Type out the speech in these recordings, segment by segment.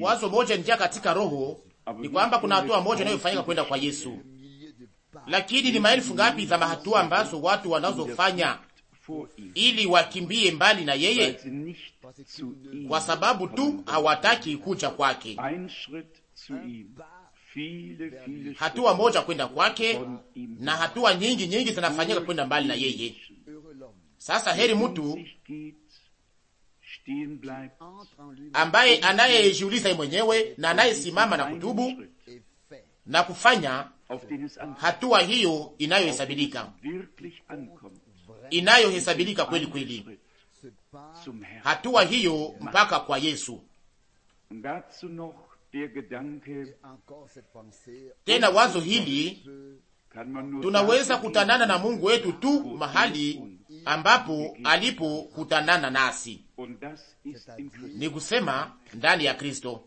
Wazo moja njia katika roho ni kwamba kuna hatua moja inayofanyika kwenda kwa Yesu, lakini ni maelfu ngapi za mahatua ambazo watu wanazofanya ili wakimbie mbali na yeye, kwa sababu tu hawataki kuja kwake. Hatua moja kwenda kwake, na hatua nyingi nyingi zinafanyika kwenda mbali na yeye. Sasa heri mtu ambaye anayejiuliza mwenyewe na anayesimama na kutubu na kufanya hatua hiyo inayohesabilika, inayohesabilika kweli kweli, hatua hiyo mpaka kwa Yesu. Tena wazo hili tunaweza kutanana na Mungu wetu tu mahali ambapo alipokutanana nasi, ni kusema ndani ya Kristo.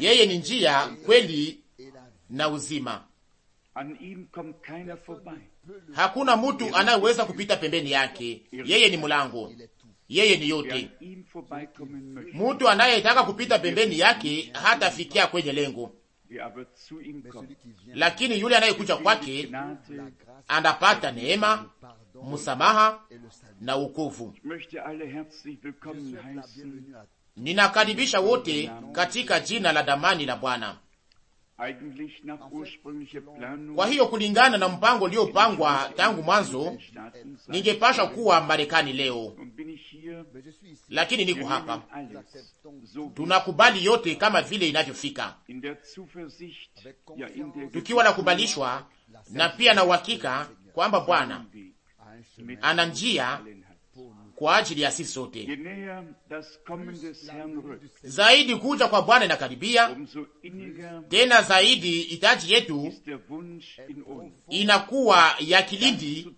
Yeye ni njia, kweli na uzima. Hakuna mtu anayeweza kupita pembeni yake. Yeye ni mlango, yeye ni yote. Mtu anayetaka kupita pembeni yake hatafikia kwenye lengo, lakini yule anayekuja kwake anapata neema, msamaha na wokovu. Ninakaribisha wote katika jina la damani la Bwana. Kwa hiyo kulingana na mpango uliopangwa tangu mwanzo, ningepasha kuwa Marekani leo, lakini niko hapa. Tunakubali yote kama vile inavyofika, tukiwa na kubalishwa na pia na uhakika kwamba Bwana ana njia kwa ajili ya sisi sote. Zaidi kuja kwa Bwana inakaribia tena, zaidi hitaji yetu inakuwa ya kilindi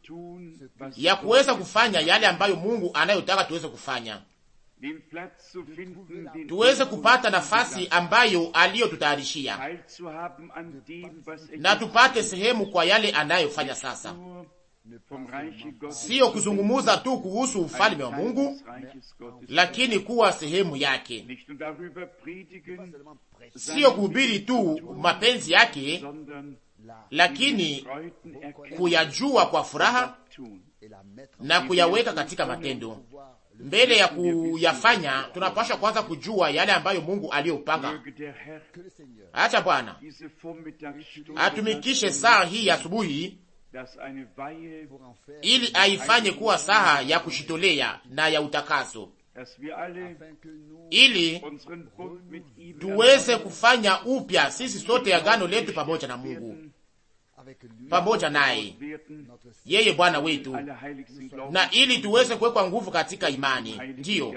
ya kuweza kufanya yale ambayo Mungu anayotaka tuweze kufanya tuweze kupata nafasi ambayo aliyotutayarishia na tupate sehemu kwa yale anayofanya sasa, siyo kuzungumuza tu kuhusu ufalme wa Mungu, lakini kuwa sehemu yake, siyo kuhubiri tu mapenzi yake, lakini kuyajua kwa furaha na kuyaweka katika matendo mbele ya kuyafanya, tunapaswa kwanza kujua yale ambayo Mungu aliyopanga. Acha Bwana atumikishe saa hii asubuhi, ili aifanye kuwa saha ya kushitolea na ya utakaso, ili tuweze kufanya upya sisi sote agano letu pamoja na Mungu pamoja naye yeye Bwana wetu, na ili tuweze kuwekwa nguvu katika imani, ndiyo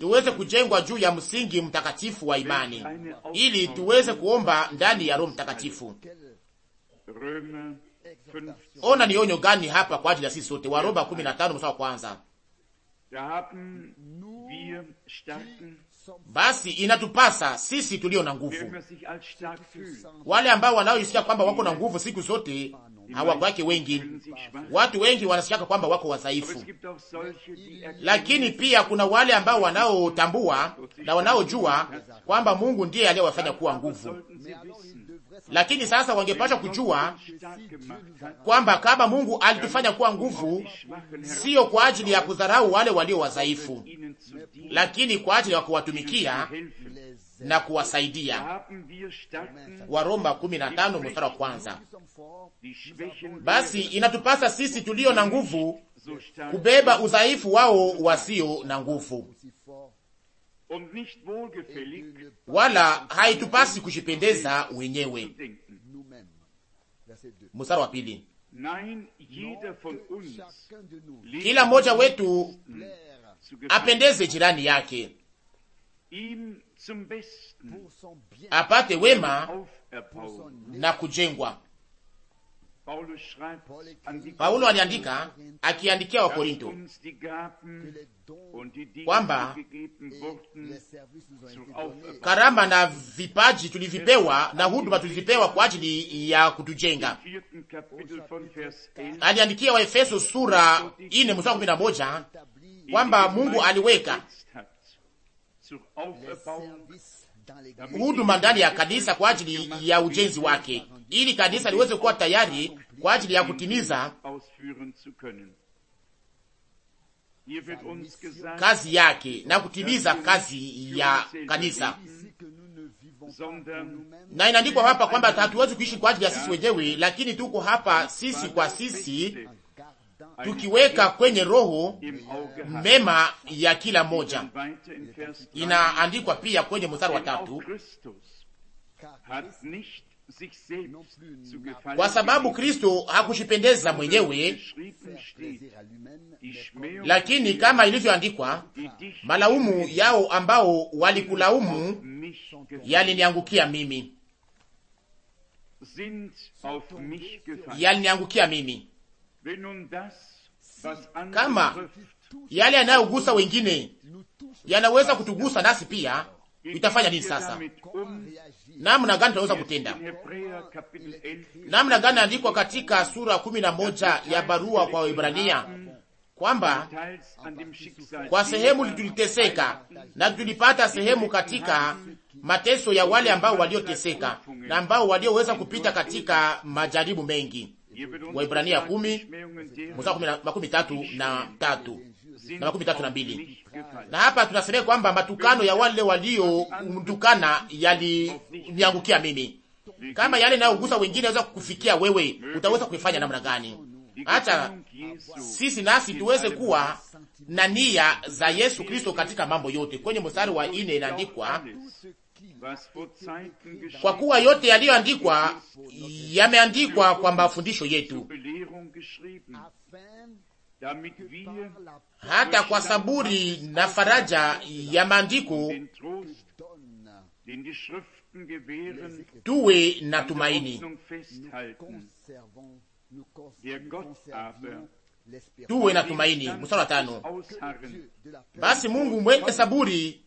tuweze kujengwa juu ya msingi mtakatifu wa imani, ili tuweze kuomba ndani ya Roho Mtakatifu. Ona ni onyo gani hapa kwa ajili ya sisi sote. Waroma 15 mstari wa kwanza basi inatupasa sisi tulio na nguvu, wale ambao wanaoisikia kwamba wako na nguvu siku zote hawabaki wengi. Watu wengi wanasikia kwamba wako wadhaifu, lakini pia kuna wale ambao wanaotambua na wanaojua kwamba Mungu ndiye aliyewafanya kuwa nguvu lakini sasa wangepashwa kujua kwamba kama Mungu alitufanya kuwa nguvu, sio kwa ajili ya kudharau wale walio wadhaifu, lakini kwa ajili ya kuwatumikia na kuwasaidia. Waroma 15 mstari wa kwanza. Basi inatupasa sisi tulio na nguvu kubeba udhaifu wao wasio na nguvu wala haitupasi kujipendeza wenyewe. Mstari wa pili, kila mmoja wetu apendeze jirani yake apate wema na kujengwa Paulo aliandika akiandikia wa Korinto kwamba karama na vipaji tulivipewa na huduma tulivipewa kwa ajili ya kutujenga. Aliandikia wa Efeso sura ine mstari kumi na moja kwamba Mungu aliweka huduma ndani ya kanisa kwa ajili ya ujenzi wake, ili kanisa liweze kuwa tayari kwa ajili ya kutimiza kazi yake na kutimiza kazi ya kanisa. Na inaandikwa hapa kwamba hatuwezi kuishi kwa ajili ya sisi wenyewe, lakini tuko hapa sisi kwa sisi tukiweka kwenye roho mema ya kila moja. Inaandikwa pia kwenye mstari wa tatu kwa sababu Kristo hakushipendeza mwenyewe, lakini kama ilivyoandikwa, malaumu yao ambao walikulaumu yaliniangukia mimi, yaliniangukia mimi. Kama yale yanayogusa wengine yanaweza kutugusa nasi pia, itafanya nini sasa? Namna gani tunaweza kutenda? Namna gani andikwa katika sura kumi na moja ya barua kwa Ibrania kwamba kwa sehemu tuliteseka na tulipata sehemu katika mateso ya wale ambao walioteseka na ambao walioweza kupita katika majaribu mengi Waibrania kumi makumi tatu na tatu na makumi tatu na mbili. Na hapa tunasemea kwamba matukano ya wale walio mtukana yaliniangukia mimi. Kama yale nayogusa wengine aweza kukufikia wewe, utaweza kuifanya namna gani? hata sisi nasi tuweze kuwa na nia za Yesu Kristo katika mambo yote. Kwenye mstari wa ine inaandikwa kwa kuwa yote yaliyoandikwa yameandikwa kwa mafundisho yetu, hata kwa saburi na faraja ya maandiko tuwe na tumaini, tuwe na tumaini. Mstari wa tano: basi Mungu mwenye saburi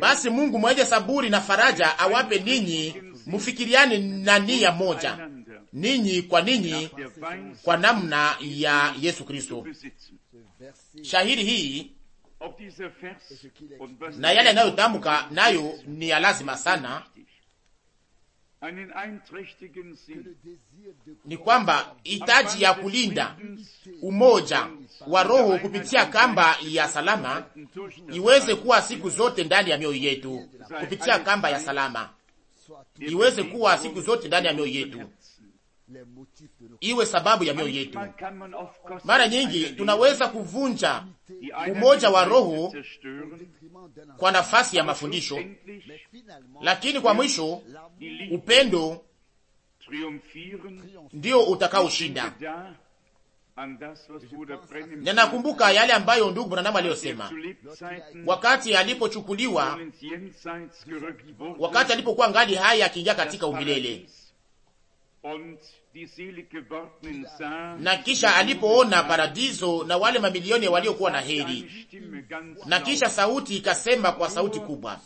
basi Mungu mwenye saburi na faraja awape ninyi mufikiriane na nia moja, ninyi kwa ninyi, kwa namna ya Yesu Kristo. Shahiri hii na yale yanayotamka nayo ni ya lazima sana ni kwamba hitaji ya kulinda umoja wa roho kupitia kamba ya salama iweze kuwa siku zote ndani ya mioyo yetu, kupitia kamba ya salama iweze kuwa siku zote ndani ya mioyo yetu iwe sababu ya mioyo yetu. Mara nyingi tunaweza kuvunja umoja wa roho kwa nafasi ya mafundisho, lakini kwa mwisho upendo ndio utakaoshinda. Ninakumbuka yale ambayo ndugu Branham aliyosema wakati alipochukuliwa, wakati alipokuwa ngali hai akiingia katika umilele na kisha alipoona paradiso na wale mamilioni waliokuwa na heri, na kisha sauti ikasema kwa sauti kubwa,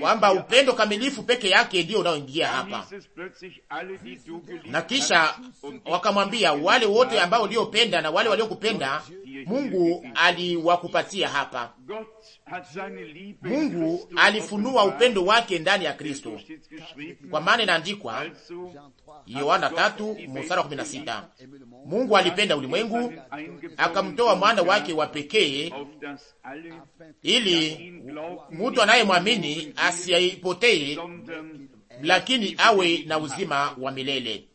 kwamba upendo kamilifu peke yake ndiyo unaoingia hapa. Na kisha wakamwambia wale wote ambao uliopenda na wale waliokupenda, Mungu aliwakupatia hapa. Mungu alifunua upendo wake ndani ya Kristo, kwa maana inaandikwa Yohana tatu mstari kumi na sita. Mungu alipenda ulimwengu akamtoa mwana wake wa pekee, ili mtu anayemwamini asiaipotee, lakini awe na uzima wa milele.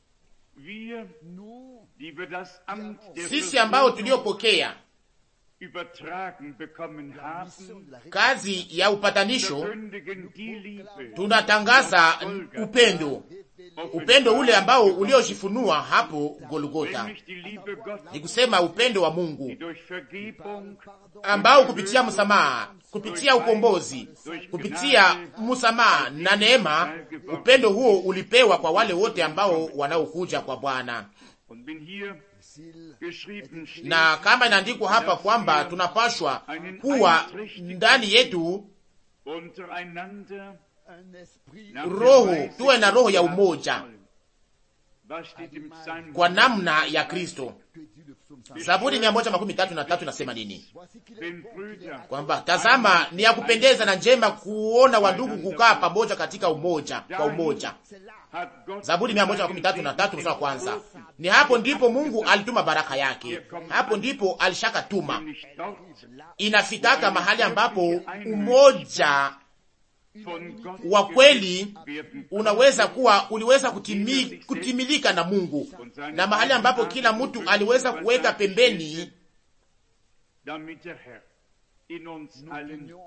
Sisi ambao tuliopokea kazi ya upatanisho tunatangaza upendo, upendo ule ambao uliojifunua hapo Golgota, ni kusema upendo wa Mungu ambao kupitia msamaha, kupitia ukombozi, kupitia msamaha na neema, upendo huo ulipewa kwa wale wote ambao wanaokuja kwa Bwana na kama inaandikwa hapa kwamba tunapashwa kuwa ndani yetu roho, tuwe na roho ya umoja kwa namna ya Kristo. Zaburi mia moja makumi tatu na tatu nasema nini? Kwamba tazama, ni ya kupendeza na njema kuona wandugu kukaa pamoja katika umoja, kwa umoja. Zaburi mia moja makumi tatu na tatu mstari wa kwanza. Ni hapo ndipo Mungu alituma baraka yake, hapo ndipo alishakatuma. Inafikaka mahali ambapo umoja wa kweli unaweza kuwa uliweza kutimi, kutimilika na Mungu, na mahali ambapo kila mtu aliweza kuweka pembeni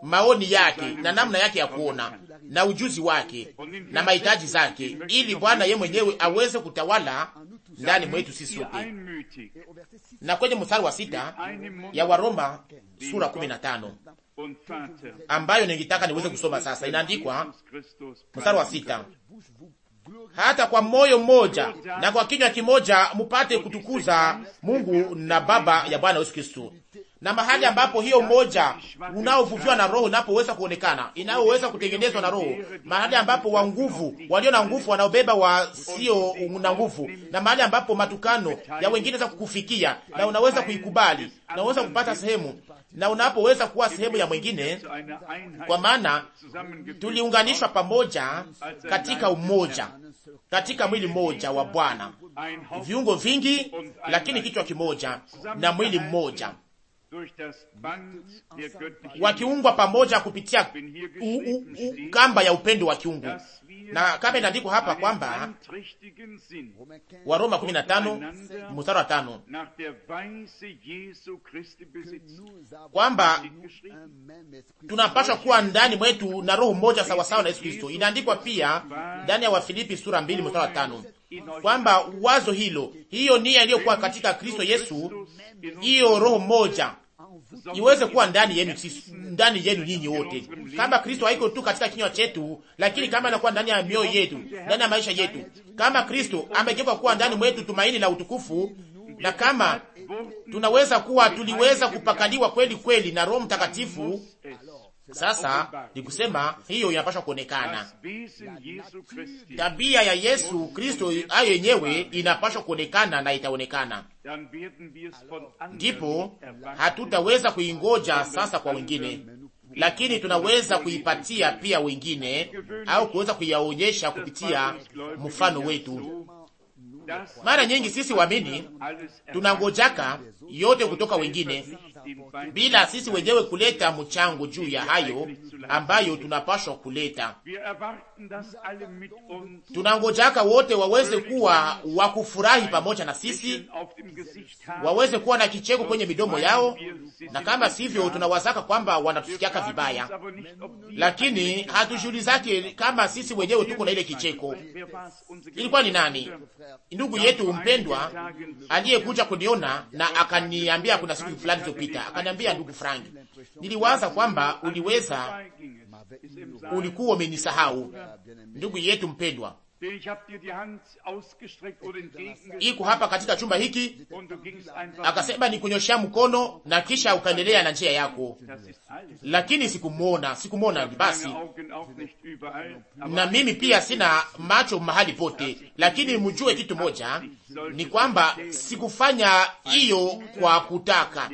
maoni yake na namna yake ya kuona na ujuzi wake na mahitaji zake, ili Bwana ye mwenyewe aweze kutawala ndani mwetu sisi sote. Na kwenye mstari wa sita ya Waroma sura 15 ambayo ningetaka niweze kusoma sasa, inaandikwa mstari wa sita hata kwa moyo mmoja na kwa kinywa kimoja mupate kutukuza Mungu na Baba ya Bwana Yesu Kristo na mahali ambapo hiyo moja unaovuviwa na roho inapoweza kuonekana, inayoweza kutengenezwa na roho, mahali ambapo wa nguvu walio na nguvu wanaobeba wasio na nguvu, na mahali ambapo matukano ya wengine za kukufikia na unaweza kuikubali na unaweza kupata sehemu na unapoweza kuwa sehemu ya mwingine, kwa maana tuliunganishwa pamoja katika umoja, katika mwili mmoja wa Bwana, viungo vingi lakini kichwa kimoja na mwili mmoja wakiungwa pamoja kupitia u, u, u, kamba ya upendo wa kiungu, na kama inaandikwa hapa kwamba Waroma 15 mstari wa 5 kwamba tunapaswa kuwa ndani mwetu na roho moja sawasawa na Yesu Kristo. Inaandikwa pia ndani ya Wafilipi sura 2 mstari wa 5 kwamba wazo hilo, hiyo nia iliyokuwa katika Kristo Yesu, hiyo roho moja iweze kuwa ndani yenu, mm. ndani yenu nyinyi wote, kama Kristo haiko tu katika kinywa chetu, lakini kama anakuwa ndani ya mioyo yetu, ndani ya maisha yetu, kama Kristo amegeuka kuwa ndani mwetu tumaini la utukufu, na kama tunaweza kuwa tuliweza kupakaliwa kweli kweli na Roho Mtakatifu sasa ni kusema hiyo inapashwa kuonekana, tabia ya Yesu Kristo ayo yenyewe inapashwa kuonekana na itaonekana, ndipo hatutaweza kuingoja sasa kwa wengine, lakini tunaweza kuipatia pia wengine au kuweza kuyaonyesha kupitia mfano wetu. Mara nyingi sisi waamini tunangojaka yote kutoka wengine bila sisi wenyewe kuleta mchango juu ya hayo ambayo tunapashwa kuleta. Tunangojaka wote waweze kuwa wakufurahi pamoja na sisi, waweze kuwa na kicheko kwenye midomo yao, na kama sivyo, tunawazaka kwamba wanatusikiaka vibaya, lakini hatujiulizake kama sisi wenyewe tuko na ile kicheko. Ilikuwa ni nani ndugu yetu mpendwa aliyekuja kuniona na akaniambia kuna siku fulani zopita iliyopita, akaniambia ndugu Franki, niliwaza kwamba uliweza ulikuwa umenisahau ndugu yetu mpendwa iko hapa katika chumba hiki, akasema nikunyoshea mkono na kisha ukaendelea na njia yako, lakini sikumwona, sikumwona. Basi na mimi pia sina macho mahali pote, lakini mjue kitu moja ni kwamba sikufanya hiyo kwa kutaka.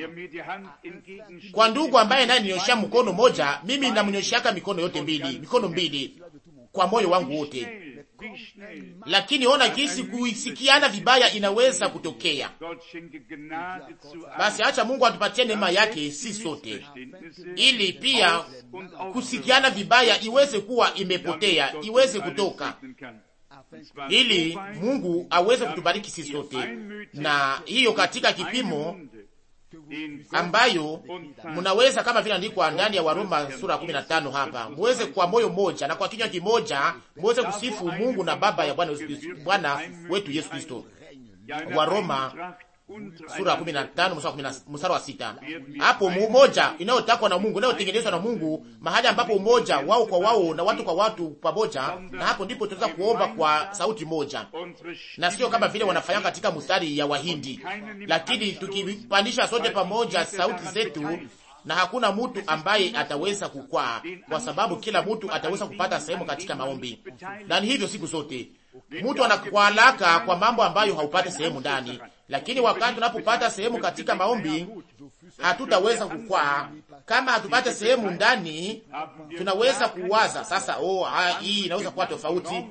Kwa ndugu ambaye naye ninyoshea mkono moja, mimi namnyosheaka mikono yote mbili, mikono mbili kwa moyo wangu wote lakini ona jinsi kuisikiana vibaya inaweza kutokea. Basi acha Mungu atupatie neema yake si sote, ili pia kusikiana vibaya iweze kuwa imepotea, iweze kutoka, ili Mungu aweze kutubariki sisi sote, na hiyo katika kipimo ambayo mnaweza kama vile andikwa ndani ya Waroma sura 15 hapa, muweze kwa moyo moja na kwa kinywa kimoja muweze kusifu Mungu na Baba ya Bwana wetu Yesu Kristo. Waroma sura 15 mstari wa sita. Hapo umoja inayotakwa na Mungu, inayotengenezwa na Mungu, mahali ambapo umoja wao kwa wao na watu kwa watu pamoja, na hapo ndipo tunaweza kuomba kwa sauti moja, na sio kama vile wanafanya katika mstari ya Wahindi, lakini tukipandisha sote pamoja sauti zetu na hakuna mtu ambaye ataweza kukwaa, kwa sababu kila mtu ataweza kupata sehemu katika maombi. Na ni hivyo siku zote, mtu anakwalaka kwa mambo ambayo haupate sehemu ndani, lakini wakati tunapopata sehemu katika maombi hatutaweza kukwaa. Kama hatupate sehemu ndani, tunaweza kuwaza sasa, oh, hii inaweza kuwa tofauti.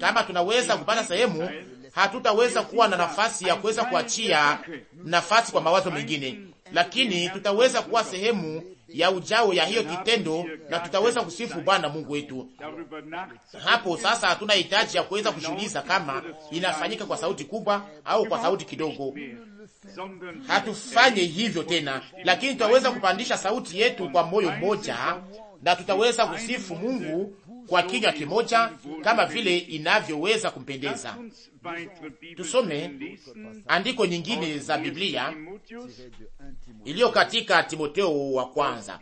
Kama tunaweza kupata sehemu, hatutaweza kuwa na nafasi ya kuweza kuachia nafasi kwa mawazo mengine lakini tutaweza kuwa sehemu ya ujao ya hiyo kitendo na tutaweza kusifu Bwana Mungu wetu. Hapo sasa hatuna hitaji ya kuweza kujiuliza kama inafanyika kwa sauti kubwa au kwa sauti kidogo. Hatufanye hivyo tena, lakini tutaweza kupandisha sauti yetu kwa moyo mmoja na tutaweza kusifu Mungu kwa kinywa kimoja kama vile inavyoweza kumpendeza. Tusome andiko nyingine za Biblia iliyo katika Timoteo wa kwanza,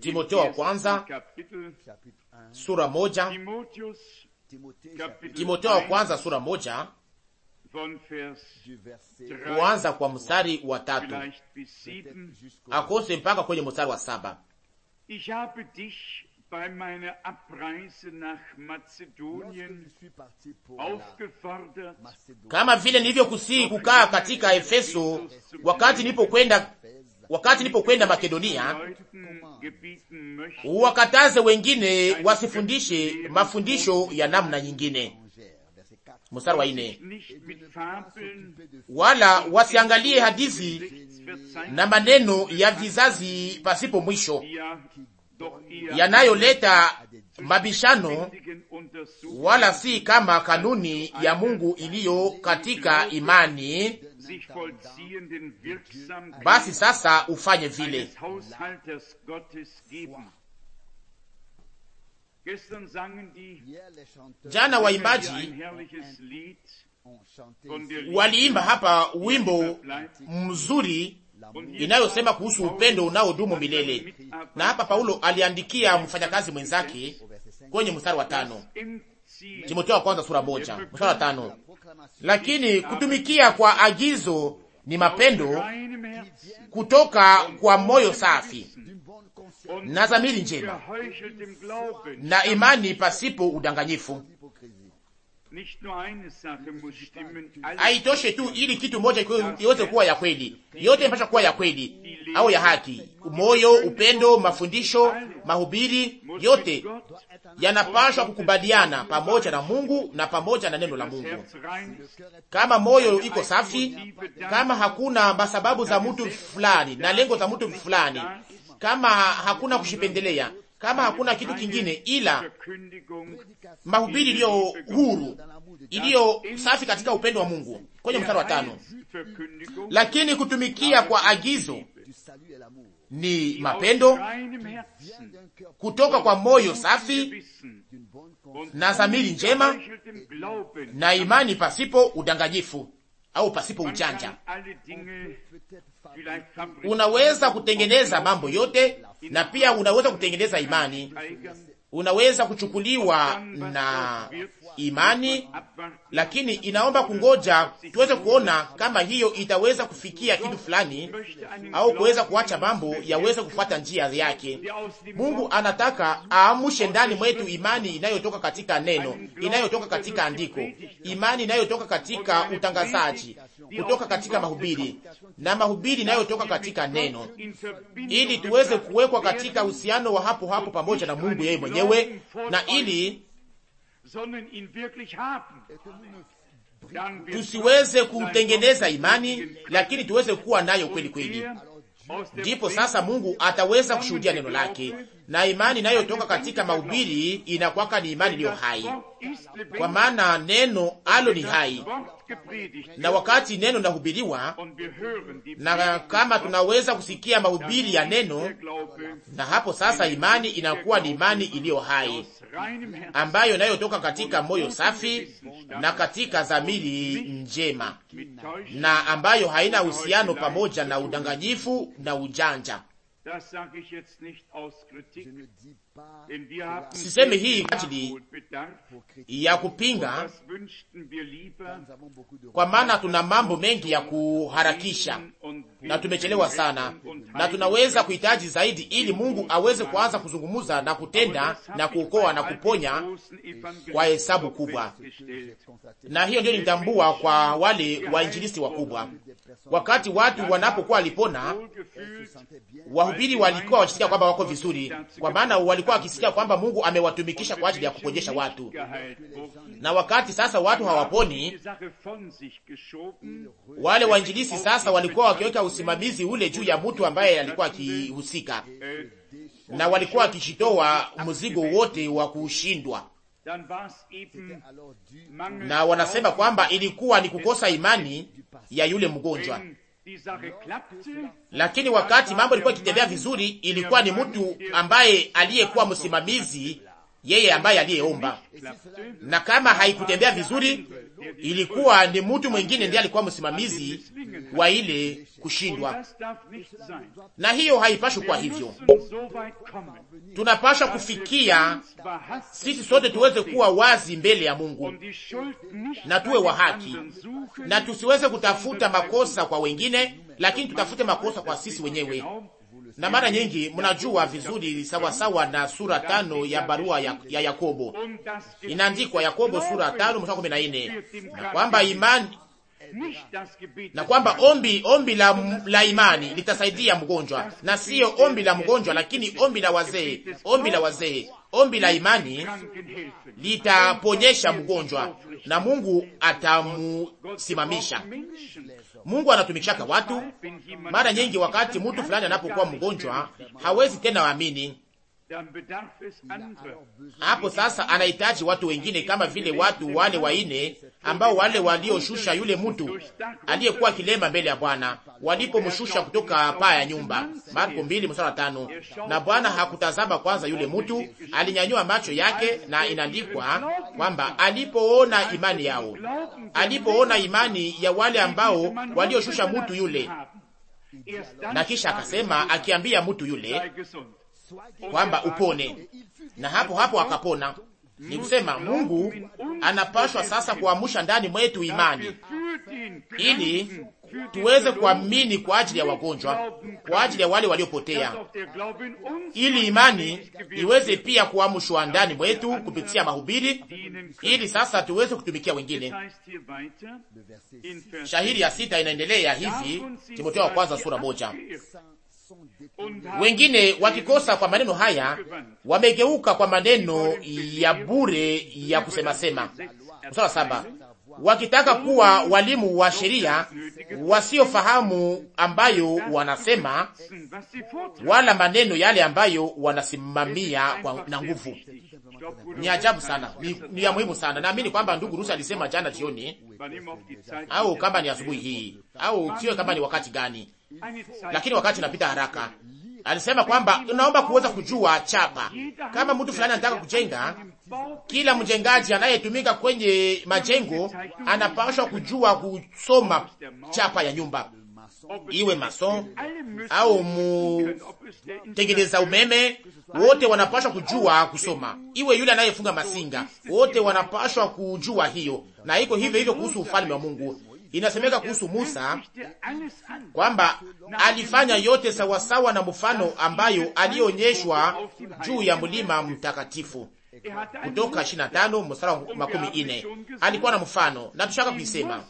Timoteo wa kwanza sura moja, Timoteo wa kwanza sura moja kuanza kwa mstari wa tatu akose mpaka kwenye mstari wa saba kama vile nilivyokusii kukaa katika Efeso wakati nilipokwenda wakati nilipokwenda Makedonia, uwakataze wengine wasifundishe mafundisho ya namna nyingine. Mstari wa nne, wala wasiangalie hadithi na maneno ya vizazi pasipo mwisho yanayoleta mabishano, wala si kama kanuni ya Mungu iliyo katika imani. Basi sasa ufanye vile. Jana waimbaji waliimba hapa wimbo mzuri inayosema kuhusu upendo unaodumu milele. Na hapa Paulo aliandikia mfanyakazi mwenzake kwenye mstari wa tano, Timotheo wa kwanza sura moja mstari wa tano, lakini kutumikia kwa agizo ni mapendo kutoka kwa moyo safi na dhamiri njema na imani pasipo udanganyifu haitoshe tu ili kitu moja iweze kuwa ya kweli, yote mpasha kuwa ya kweli au ya haki. Moyo, upendo, mafundisho, mahubiri, yote yanapashwa kukubaliana pamoja na Mungu na pamoja na neno la Mungu. Kama moyo iko safi, kama hakuna masababu za mtu fulani na lengo za mtu fulani, kama hakuna kushipendelea kama hakuna kitu kingine ila mahubiri iliyo huru iliyo safi katika upendo wa Mungu, kwenye mstari wa tano. Lakini kutumikia kwa agizo ni mapendo kutoka kwa moyo safi na dhamiri njema na imani pasipo udanganyifu au pasipo ujanja. Unaweza kutengeneza mambo yote na pia unaweza kutengeneza imani unaweza kuchukuliwa na imani, lakini inaomba kungoja tuweze kuona kama hiyo itaweza kufikia kitu fulani au kuweza kuacha mambo yaweze kufuata njia yake. Mungu anataka aamshe ndani mwetu imani inayotoka katika neno, inayotoka katika andiko, imani inayotoka katika utangazaji, kutoka katika mahubiri na mahubiri inayotoka katika neno, ili tuweze kuwekwa katika uhusiano wa hapo hapo pamoja na Mungu yeye mwenyewe wenyewe na ili tusiweze kutengeneza imani, lakini tuweze kuwa nayo kweli kweli. Ndipo sasa Mungu ataweza kushuhudia neno lake na imani inayotoka katika mahubiri inakwaka ni imani iliyo hai, kwa maana neno alo ni hai, na wakati neno linahubiriwa, na kama tunaweza kusikia mahubiri ya neno, na hapo sasa imani inakuwa ni imani iliyo hai ambayo inayotoka katika moyo safi na katika dhamiri njema, na ambayo haina uhusiano pamoja na udanganyifu na ujanja Sisemi hii ajili ya kupinga, kwa maana tuna mambo mengi ya kuharakisha na tumechelewa sana, na tunaweza kuhitaji zaidi, ili Mungu aweze kuanza kuzungumuza na kutenda na kuokoa na kuponya kwa hesabu kubwa. Na hiyo ndio nitambua kwa wale wainjilisti wakubwa, wakati watu wanapokuwa walipona, wahubiri walikuwa wakisikia kwamba wako vizuri, kwa maana walikuwa wakisikia kwamba Mungu amewatumikisha kwa ajili ya kuponyesha watu. Na wakati sasa watu hawaponi, wale wainjilisti sasa walikuwa wakiweka usimamizi ule juu ya mtu ambaye alikuwa akihusika, na walikuwa wakijitoa mzigo wote wa kushindwa, na wanasema kwamba ilikuwa ni kukosa imani ya yule mgonjwa. Lakini wakati mambo ilikuwa ikitembea vizuri, ilikuwa ni mtu ambaye aliyekuwa msimamizi yeye ambaye aliyeomba, na kama haikutembea vizuri, ilikuwa ni mtu mwingine ndiye alikuwa msimamizi wa ile kushindwa, na hiyo haipashwi. Kwa hivyo tunapasha kufikia sisi sote tuweze kuwa wazi mbele ya Mungu na tuwe wa haki, na tusiweze kutafuta makosa kwa wengine, lakini tutafute makosa kwa sisi wenyewe na mara nyingi mnajua vizuri sawasawa sawa na sura tano ya barua ya, ya Yakobo inaandikwa Yakobo sura tano mstari kumi na nne na kwamba imani na kwamba ombi ombi la, la imani litasaidia mgonjwa na siyo ombi la mgonjwa, lakini ombi la wazee, ombi la wazee, ombi la imani litaponyesha mgonjwa na Mungu atamusimamisha. Mungu anatumikishaka watu mara nyingi. Wakati mtu fulani anapokuwa mgonjwa, hawezi tena waamini, hapo sasa anahitaji watu wengine kama vile watu wale waine ambao wale walioshusha yule mtu aliyekuwa kilema mbele ya Bwana walipomshusha kutoka paa ya nyumba, Marko mbili tano. Na Bwana hakutazama kwanza yule mtu, alinyanyua macho yake, na inaandikwa kwamba alipoona imani yao, alipoona imani ya wale ambao walioshusha mtu yule, na kisha akasema akiambia mtu yule kwamba upone, na hapo hapo akapona. Ni kusema Mungu anapashwa sasa kuamsha ndani mwetu imani ili tuweze kuamini kwa ajili ya wagonjwa, kwa ajili ya wale waliopotea, ili imani iweze pia kuamshwa ndani mwetu kupitia mahubiri, ili sasa tuweze kutumikia wengine. Shahiri ya sita inaendelea hivi, Timotheo wa kwanza sura moja wengine wakikosa kwa maneno haya, wamegeuka kwa maneno ya bure ya kusemasema. saba wakitaka kuwa walimu wa sheria wasiofahamu ambayo wanasema, wala maneno yale ambayo wanasimamia kwa na nguvu. Ni ajabu sana, ni, ni ya muhimu sana. Naamini kwamba ndugu Rusi alisema jana jioni, au kama ni asubuhi hii, au sio kama ni wakati gani, lakini wakati unapita haraka. Alisema kwamba tunaomba kuweza kujua chapa, kama mtu fulani anataka kujenga kila mjengaji anayetumika kwenye majengo anapashwa kujua kusoma chapa ya nyumba, iwe mason au mutengeneza umeme, wote wanapashwa kujua kusoma, iwe yule anayefunga masinga, wote wanapashwa kujua hiyo. Na iko hivyo hivyo kuhusu ufalme wa Mungu. Inasemeka kuhusu Musa kwamba alifanya yote sawasawa na mfano ambayo alionyeshwa juu ya mlima mtakatifu. Eh, kutoka 25 mstari makumi ine. Alikuwa na mfano na tushaka kuisema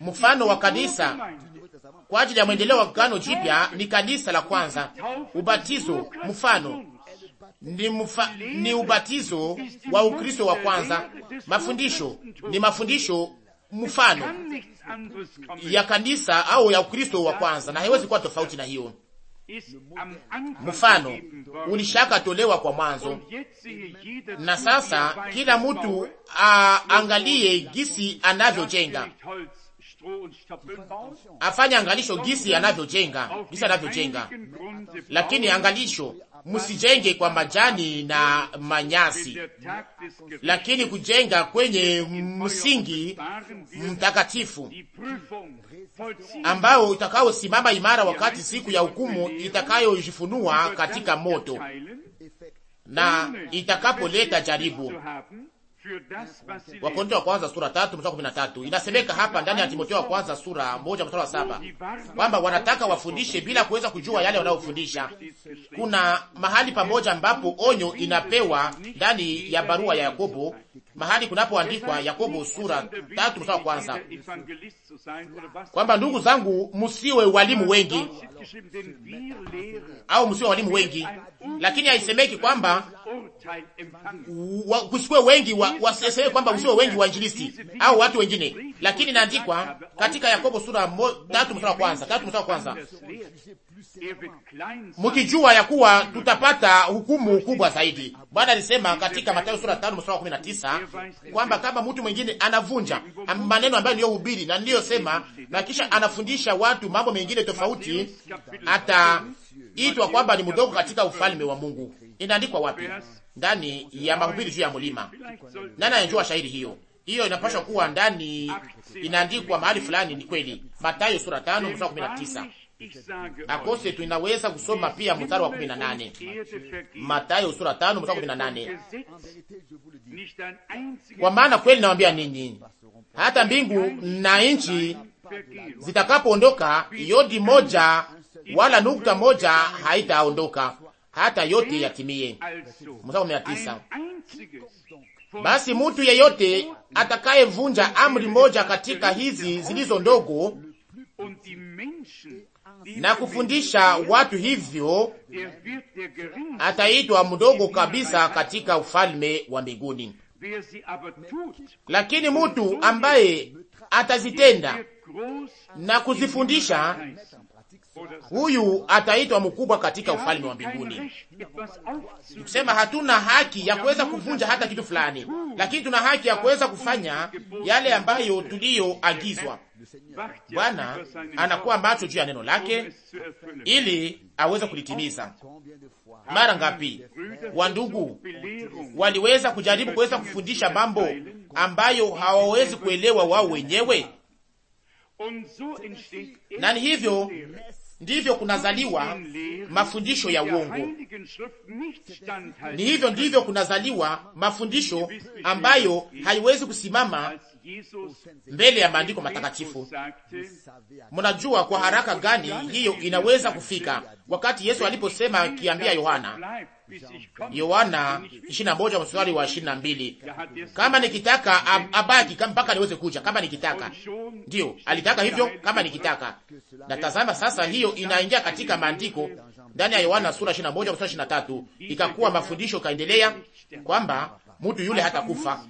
mfano wa kanisa kwa ajili ya mwendeleo wa gano Jipya ni kanisa la kwanza. Ubatizo mfano ni, mfa, ni ubatizo wa Ukristo wa kwanza. Mafundisho ni mafundisho mfano ya kanisa au ya Ukristo wa kwanza, na haiwezi kuwa tofauti na hiyo. Um, mfano ulishaka tolewa kwa mwanzo, na sasa kila mtu aangalie gisi anavyojenga, afanye angalisho gisi anavyojenga, gisi anavyojenga, lakini angalisho msijenge kwa majani na manyasi, lakini kujenga kwenye msingi mtakatifu ambao itakayosimama imara wakati siku ya hukumu itakayojifunua katika moto na itakapoleta jaribu Wakorintho wa kwanza sura tatu mstari kumi na tatu inasemeka hapa ndani ya Timotheo wa kwanza sura moja mstari wa saba kwamba wanataka wafundishe bila kuweza kujua yale wanayofundisha. Kuna mahali pamoja ambapo onyo inapewa ndani ya barua ya Yakobo mahali kunapoandikwa Yakobo sura tatu mstari wa kwanza kwamba ndugu zangu, msiwe walimu wengi au msiwe walimu wengi, lakini haisemeki kwamba kusikuwe wengi wa, kwamba usiwe wengi wainjilisti au watu wengine, lakini inaandikwa katika Yakobo sura mo, tatu mstari wa kwanza tatu mstari wa kwanza mkijua ya kuwa tutapata hukumu kubwa zaidi. Bwana alisema katika Mathayo sura 5 mstari wa 19 kwamba kama mtu mwingine anavunja maneno ambayo niliyohubiri na niliyosema, na kisha anafundisha watu mambo mengine tofauti, ataitwa kwamba ni mdogo katika ufalme wa Mungu. Inaandikwa wapi? Ndani ya mahubiri juu ya mlima. Nani anajua shahiri hiyo? Hiyo inapaswa kuwa ndani, inaandikwa mahali fulani. Ni kweli, Mathayo sura 5 mstari wa 19. Akose tunaweza kusoma pia mstari wa 18. Mathayo sura 5 mstari wa 18. Kwa maana kweli nawaambia ninyi hata mbingu na nchi zitakapoondoka, yodi moja wala nukta moja haitaondoka hata yote yatimie. Mstari wa 19. Basi mtu yeyote atakayevunja amri moja katika hizi zilizo ndogo na kufundisha watu hivyo, ataitwa mdogo kabisa katika ufalme wa mbinguni. Lakini mtu ambaye atazitenda na kuzifundisha huyu ataitwa mkubwa katika ufalme wa mbinguni. Nikusema hatuna haki ya kuweza kuvunja hata kitu fulani, lakini tuna haki ya kuweza kufanya yale ambayo tuliyoagizwa. Bwana anakuwa macho juu ya neno lake ili aweze kulitimiza. Mara ngapi wandugu waliweza kujaribu kuweza kufundisha mambo ambayo hawawezi kuelewa wao wenyewe, na ni hivyo ndivyo kunazaliwa mafundisho ya uongo. Ni hivyo ndivyo kunazaliwa mafundisho ambayo haiwezi kusimama mbele ya maandiko matakatifu. Mnajua kwa haraka gani hiyo inaweza kufika. Wakati Yesu aliposema akiambia Yohana, Yohana 21 mstari wa 22, kama nikitaka abaki mpaka niweze kuja, kama nikitaka. Ndiyo alitaka hivyo, kama nikitaka. Na tazama sasa, hiyo inaingia katika maandiko ndani ya Yohana sura 21 mstari 23, ikakuwa mafundisho kaendelea kwamba mtu yule hatakufa,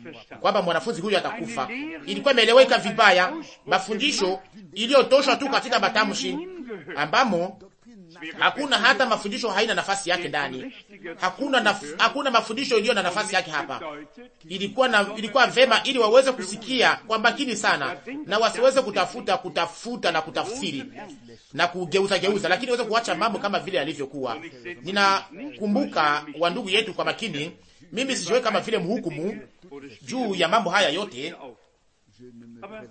kwamba mwanafunzi huyu atakufa. Ilikuwa imeeleweka vibaya, mafundisho iliyotoshwa tu katika matamshi ambamo hakuna hata mafundisho haina nafasi yake ndani. Hakuna naf, hakuna mafundisho iliyo na nafasi yake hapa. Ilikuwa na, ilikuwa vema ili waweze kusikia kwa makini sana na wasiweze kutafuta kutafuta na kutafsiri na kugeuza geuza, lakini waweze kuacha mambo kama vile yalivyokuwa. Ninakumbuka wa ndugu yetu kwa makini mimi sijiweki kama vile mhukumu juu ya mambo haya yote.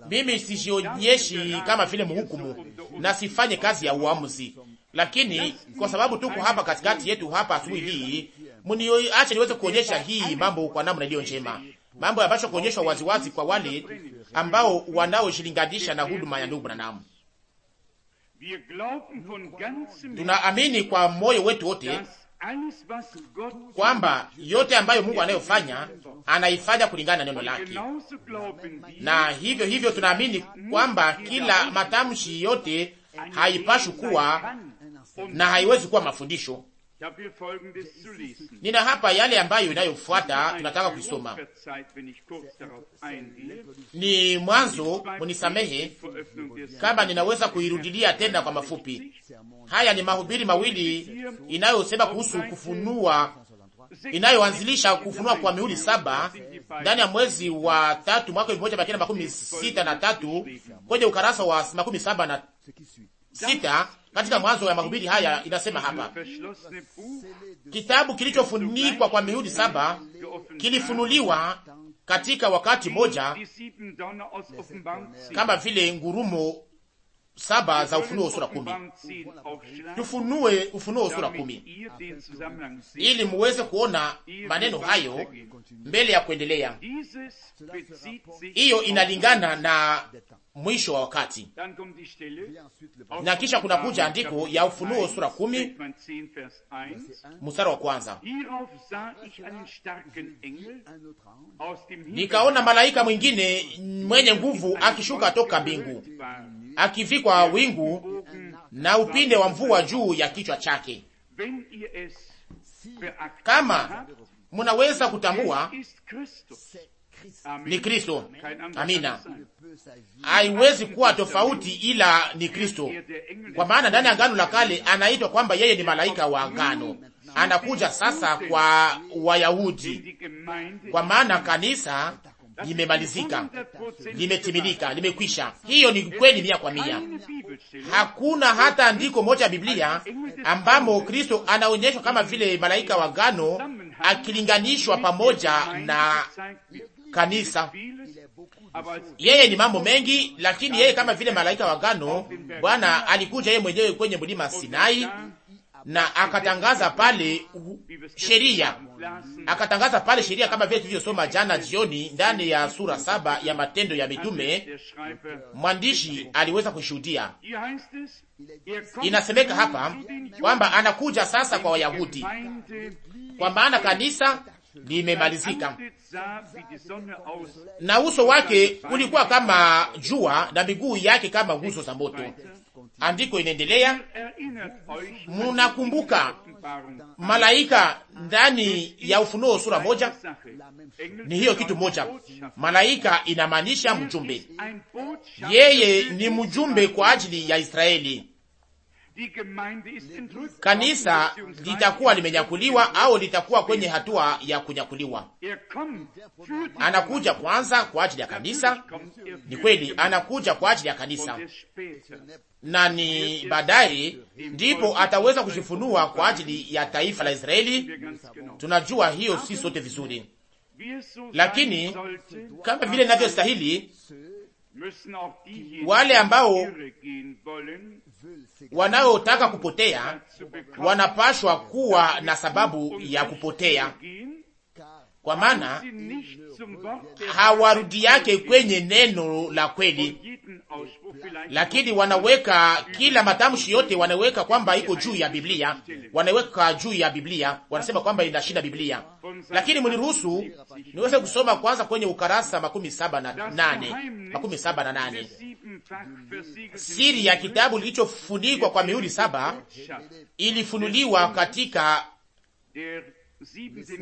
Mimi sijionyeshi kama vile mhukumu na sifanye kazi ya uamuzi, lakini kwa sababu tuko hapa katikati yetu hapa asubuhi hii, mniache niweze kuonyesha hii mambo kwa namna iliyo njema, mambo yapasha kuonyeshwa waziwazi kwa wale ambao wanaoshilinganisha na huduma ya ndugu Branham. Tunaamini kwa moyo wetu wote kwamba yote ambayo Mungu anayofanya anaifanya kulingana na neno lake, na hivyo hivyo tunaamini kwamba kila matamshi yote haipashwi kuwa na haiwezi kuwa mafundisho Nina hapa yale ambayo inayofuata tunataka kuisoma, ni mwanzo. Munisamehe kama ninaweza kuirudilia tena kwa mafupi. Haya ni mahubiri mawili inayosema kuhusu kufunua, inayoanzilisha kufunua kwa mihuri saba ndani ya mwezi wa tatu mwaka elfu moja mia kenda makumi sita na tatu kwenye ukarasa wa makumi saba na sita katika mwanzo ya mahubiri haya inasema hapa, kitabu kilichofunikwa kwa mihuri saba kilifunuliwa katika wakati moja, kama vile ngurumo saba za Ufunuo sura kumi. Tufunue Ufunuo sura kumi ili muweze kuona maneno hayo mbele ya kuendelea. Hiyo inalingana na mwisho wa wakati. Na kisha kuna kuja andiko ya Ufunuo sura kumi mstari wa kwanza, nikaona malaika mwingine mwenye nguvu akishuka toka mbingu akivikwa wingu na upinde wa mvua juu ya kichwa chake. Kama munaweza kutambua ni Kristo. Amina, haiwezi kuwa tofauti, ila ni Kristo, kwa maana ndani ya Agano la Kale anaitwa kwamba yeye ni malaika wa agano. Anakuja sasa kwa Wayahudi, kwa maana kanisa limemalizika, limetimilika, limekwisha. Hiyo ni kweli mia kwa mia. Hakuna hata andiko moja ya Biblia ambamo Kristo anaonyeshwa kama vile malaika wa gano akilinganishwa pamoja na kanisa. Yeye ni mambo mengi, lakini yeye kama vile malaika wa gano, Bwana alikuja yeye mwenyewe kwenye mlima Sinai na akatangaza pale sheria, akatangaza pale sheria kama vile tulivyosoma jana jioni ndani ya sura saba ya Matendo ya Mitume. Mwandishi aliweza kushuhudia, inasemeka hapa kwamba anakuja sasa kwa Wayahudi, kwa maana kanisa limemalizika na uso wake ulikuwa kama jua na miguu yake kama nguzo za moto. Andiko inaendelea, munakumbuka malaika ndani ya Ufunuo sura moja, ni hiyo kitu moja. Malaika inamaanisha mjumbe, yeye ni mjumbe kwa ajili ya Israeli kanisa litakuwa limenyakuliwa au litakuwa kwenye hatua ya kunyakuliwa. Er anakuja kwanza kwa ajili ya er kanisa, ni kweli, anakuja kwa ajili ya kanisa, na ni er baadaye ndipo ataweza kujifunua kwa ajili ya taifa la Israeli. Tunajua hiyo si sote vizuri, lakini kama vile inavyostahili wale ambao wanaotaka kupotea wanapashwa kuwa na sababu ya kupotea kwa maana hawarudi yake kwenye neno la kweli, lakini wanaweka kila matamshi yote, wanaweka kwamba iko juu ya Biblia, wanaweka juu ya Biblia, wanasema kwamba inashinda Biblia. Lakini mniruhusu niweze kusoma kwanza kwenye ukarasa makumi saba na nane makumi saba na nane siri ya kitabu kilichofunikwa kwa mihuri saba ilifunuliwa katika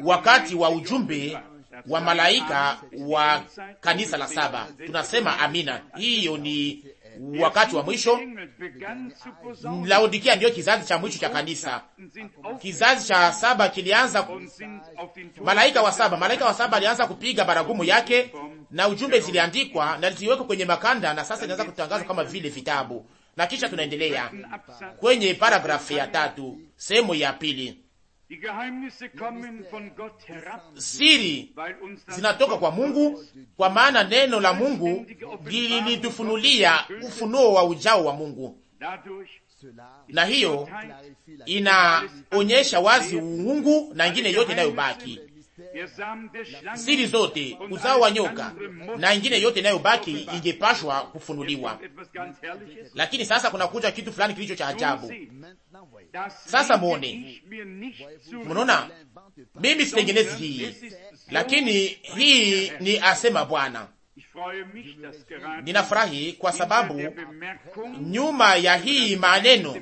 wakati wa ujumbe wa malaika wa kanisa la saba. Tunasema amina. Hiyo ni wakati wa mwisho. Laodikia ndiyo kizazi cha mwisho cha kanisa. Kizazi cha saba kilianza, malaika wa saba, malaika wa saba alianza kupiga baragumu yake, na ujumbe ziliandikwa na ziliwekwa kwenye makanda, na sasa inaanza kutangazwa kama vile vitabu. Na kisha tunaendelea kwenye paragrafu ya tatu, sehemu ya pili. Siri zinatoka kwa Mungu, kwa maana neno la Mungu lilitufunulia ufunuo wa ujao wa Mungu, na hiyo inaonyesha wazi uungu na ingine yote inayobaki siri zote, uzao wa nyoka na ingine yote inayobaki ingepashwa kufunuliwa, lakini sasa kuja kitu fulani kilicho cha ajabu. Sasa mwone, munaona, mimi sitengenezi hii, lakini hii ni asema Bwana Ninafurahi kwa sababu nyuma ya hii maneno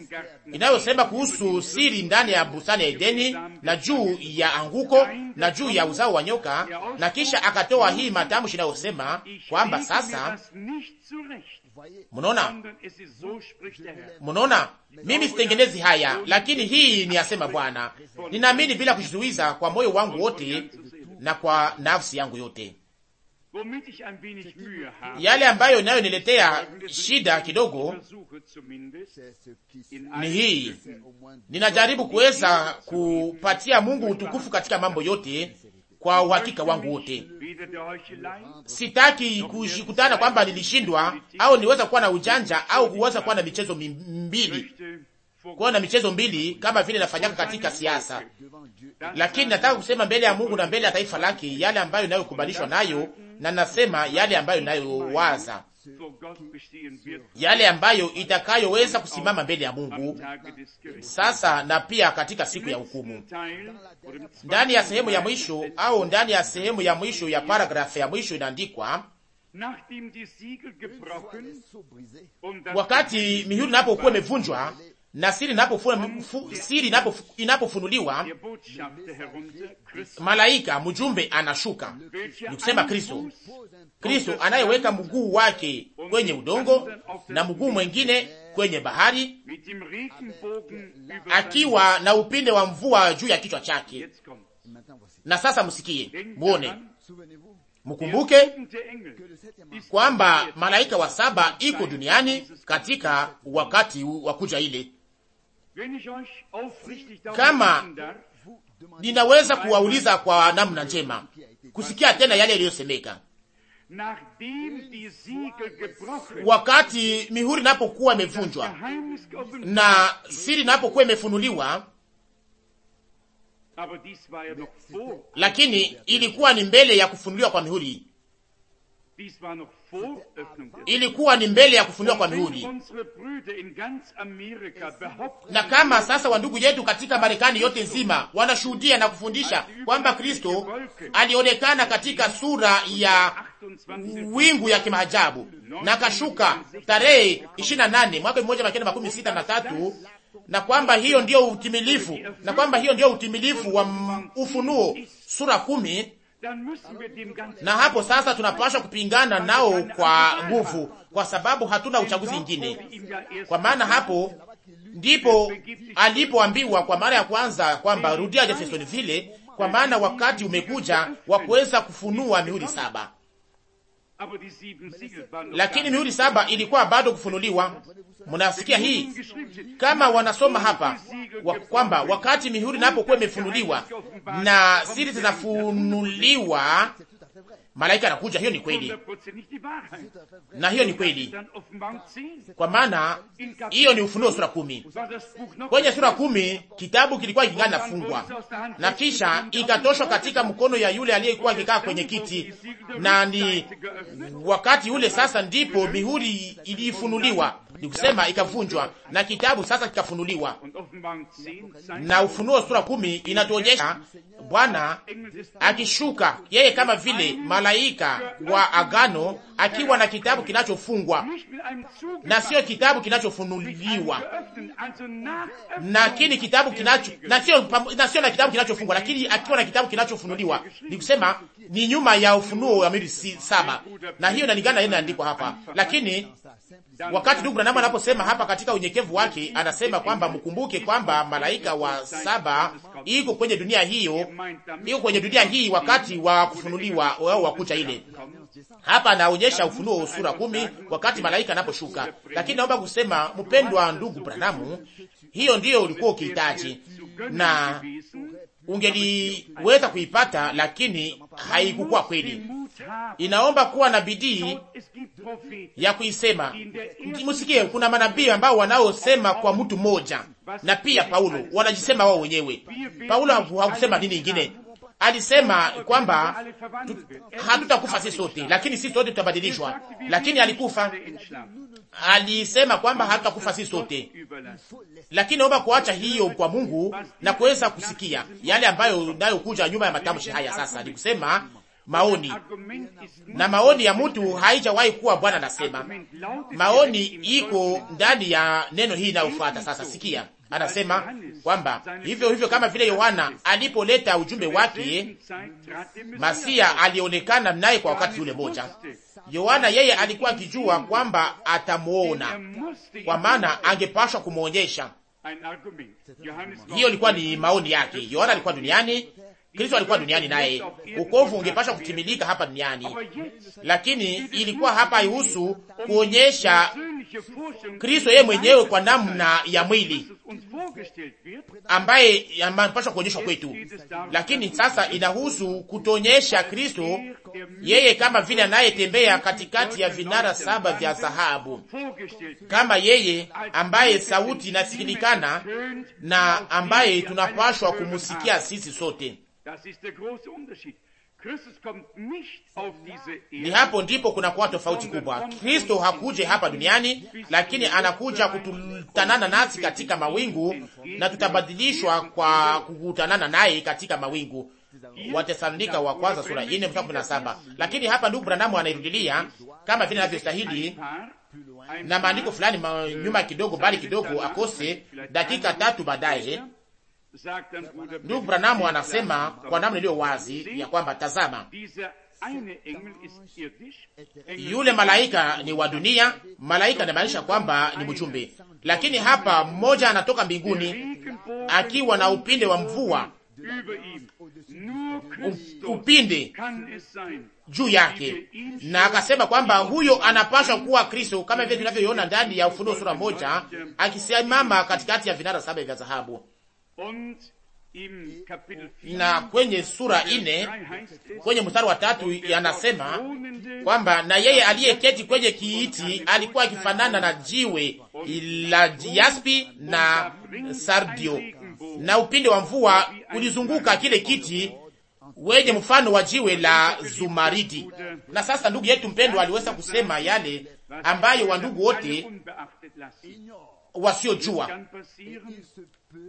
inayosema kuhusu siri ndani ya bustani ya Edeni na juu ya anguko na juu ya uzao wa nyoka, na kisha akatoa hii matamshi inayosema kwamba sasa Munaona, munaona, mimi sitengenezi haya, lakini hii ni yasema Bwana. Ninaamini bila kujizuiza kwa moyo wangu wote na kwa nafsi yangu yote yale ambayo niletea shida kidogo ni hii, ninajaribu kuweza kupatia Mungu utukufu katika mambo yote kwa uhakika wangu wote. Sitaki kujikutana kwamba nilishindwa au niweza kuwa na ujanja au kuweza kuwa na michezo mbili, kuwa na michezo mbili kama vile nafanyaka katika siasa, lakini nataka kusema mbele ya Mungu na mbele ya taifa lake yale ambayo inayokubalishwa nayo na nasema yale ambayo nayowaza, yale ambayo itakayoweza kusimama mbele ya Mungu sasa na pia katika siku ya hukumu. Ndani ya sehemu ya mwisho au ndani ya sehemu ya mwisho ya paragrafu ya mwisho inaandikwa wakati mihuri napokuwa imevunjwa na siri inapofunuliwa, malaika mjumbe anashuka, ni kusema Kristo, Kristo anayeweka mguu wake kwenye udongo na mguu mwengine kwenye bahari, akiwa na upinde wa mvua juu ya kichwa chake. Na sasa msikie, muone, mkumbuke kwamba malaika wa saba iko duniani katika wakati wa kuja ile kama ninaweza kuwauliza kwa namna njema kusikia tena yale yaliyosemeka wakati mihuri inapokuwa imevunjwa na siri inapokuwa imefunuliwa, lakini ilikuwa ni mbele ya kufunuliwa kwa mihuri ilikuwa ni mbele ya kufunuliwa kwa mihuri. Na kama sasa wandugu yetu katika Marekani yote nzima wanashuhudia na kufundisha kwamba Kristo alionekana katika sura ya wingu ya kimaajabu na kashuka tarehe 28 mwaka tatu na kwamba hiyo ndiyo utimilifu na kwamba hiyo ndiyo utimilifu wa ufunuo sura kumi na hapo sasa tunapashwa kupingana nao kwa nguvu, kwa sababu hatuna uchaguzi ingine. Kwa maana hapo ndipo alipoambiwa kwa mara ya kwanza kwamba rudia Jefferson vile, kwa maana wakati umekuja wa kuweza kufunua mihuri saba lakini mihuri saba ilikuwa bado kufunuliwa. Mnasikia hii kama wanasoma hapa wa, kwamba wakati mihuri napokuwa imefunuliwa na siri zinafunuliwa malaika anakuja. Hiyo ni kweli, na hiyo ni kweli, kwa maana hiyo ni Ufunuo sura kumi. Kwenye sura kumi kitabu kilikuwa kingali nafungwa na kisha ikatoshwa katika mkono ya yule aliyekuwa akikaa kwenye kiti, na ni wakati ule sasa ndipo mihuri iliifunuliwa ni kusema ikavunjwa na kitabu sasa kikafunuliwa, na Ufunuo sura kumi inatuonyesha Bwana akishuka yeye kama vile malaika wa agano akiwa na kitabu kinachofungwa na sio kitabu kinachofunuliwa, lakini kitabu kinacho na sio na sio na kitabu kinachofungwa, lakini akiwa na kitabu kinachofunuliwa, ni kusema ni nyuma ya Ufunuo wa mili saba, na hiyo inalingana yeye inaandikwa hapa, lakini Wakati ndugu Branham anaposema hapa katika unyenyekevu wake, anasema kwamba mkumbuke kwamba malaika wa saba iko kwenye dunia hiyo, iko kwenye dunia hii wakati wa kufunuliwa wa wakucha ile. Hapa anaonyesha Ufunuo sura kumi wakati malaika anaposhuka. Lakini naomba kusema mpendwa ndugu Branham, hiyo ndiyo ulikuwa ukihitaji na ungeliweza kuipata, lakini haikukuwa kweli. Inaomba kuwa na bidii ya kuisema. Msikie, kuna manabii ambao wanaosema kwa mtu mmoja, na pia Paulo wanajisema wao wenyewe. Paulo hakusema nini ingine, alisema kwamba hatutakufa sisi sote, lakini sisi sote tutabadilishwa. Lakini alikufa, alisema kwamba hatutakufa sisi sote, lakini naomba kuacha hiyo kwa Mungu na kuweza kusikia yale ambayo nayo kuja nyuma ya matamshi haya. Sasa nikusema maoni na maoni ya mtu haijawahi kuwa Bwana anasema. Maoni iko ndani ya neno hii inayofuata. Sasa sikia anasema kwamba hivyo hivyo kama vile Yohana alipoleta ujumbe wake, Masia alionekana naye kwa wakati ule moja. Yohana yeye alikuwa akijua kwamba atamwona, kwa maana angepashwa kumwonyesha. Hiyo ilikuwa ni maoni yake. Yohana alikuwa duniani Kristo alikuwa duniani naye ukovu ungepasha kutimilika hapa duniani, lakini ilikuwa hapa ihusu kuonyesha Kristo yeye mwenyewe kwa namna ya mwili ambaye anapasha kuonyeshwa kwetu, lakini sasa inahusu kutonyesha Kristo yeye kama vile anayetembea katikati ya vinara saba vya dhahabu, kama yeye ambaye sauti inasikilikana na ambaye tunapashwa kumusikia sisi sote. Das ist der große Unterschied. Ni hapo ndipo kuna kuwa tofauti kubwa. Kristo hakuje hapa duniani, lakini anakuja kutanana nasi katika mawingu, na tutabadilishwa kwa kukutanana naye katika mawingu. watesalonika wa kwanza sura 4 mstari kumi saba. Lakini hapa ndugu Branamu anairudilia kama vile anavyostahili na maandiko fulani ma nyuma kidogo, bali kidogo akose dakika tatu baadaye Ndugu Branamu anasema kwa namna iliyo wazi ya kwamba tazama, yule malaika ni wa dunia. Malaika inamaanisha kwamba ni mjumbe, lakini hapa mmoja anatoka mbinguni akiwa na upinde wa mvua, upinde juu yake, na akasema kwamba huyo anapaswa kuwa Kristo, kama vile tunavyoiona ndani ya Ufunuo sura moja, akisimama katikati ya vinara saba vya dhahabu na kwenye sura ine kwenye mstari wa tatu yanasema kwamba na yeye aliyeketi kwenye kiiti alikuwa akifanana na jiwe la jaspi na sardio, na upinde wa mvua ulizunguka kile kiti wenye mfano wa jiwe la zumaridi. Na sasa ndugu yetu mpendwa aliweza kusema yale ambayo wandugu wote wasiojua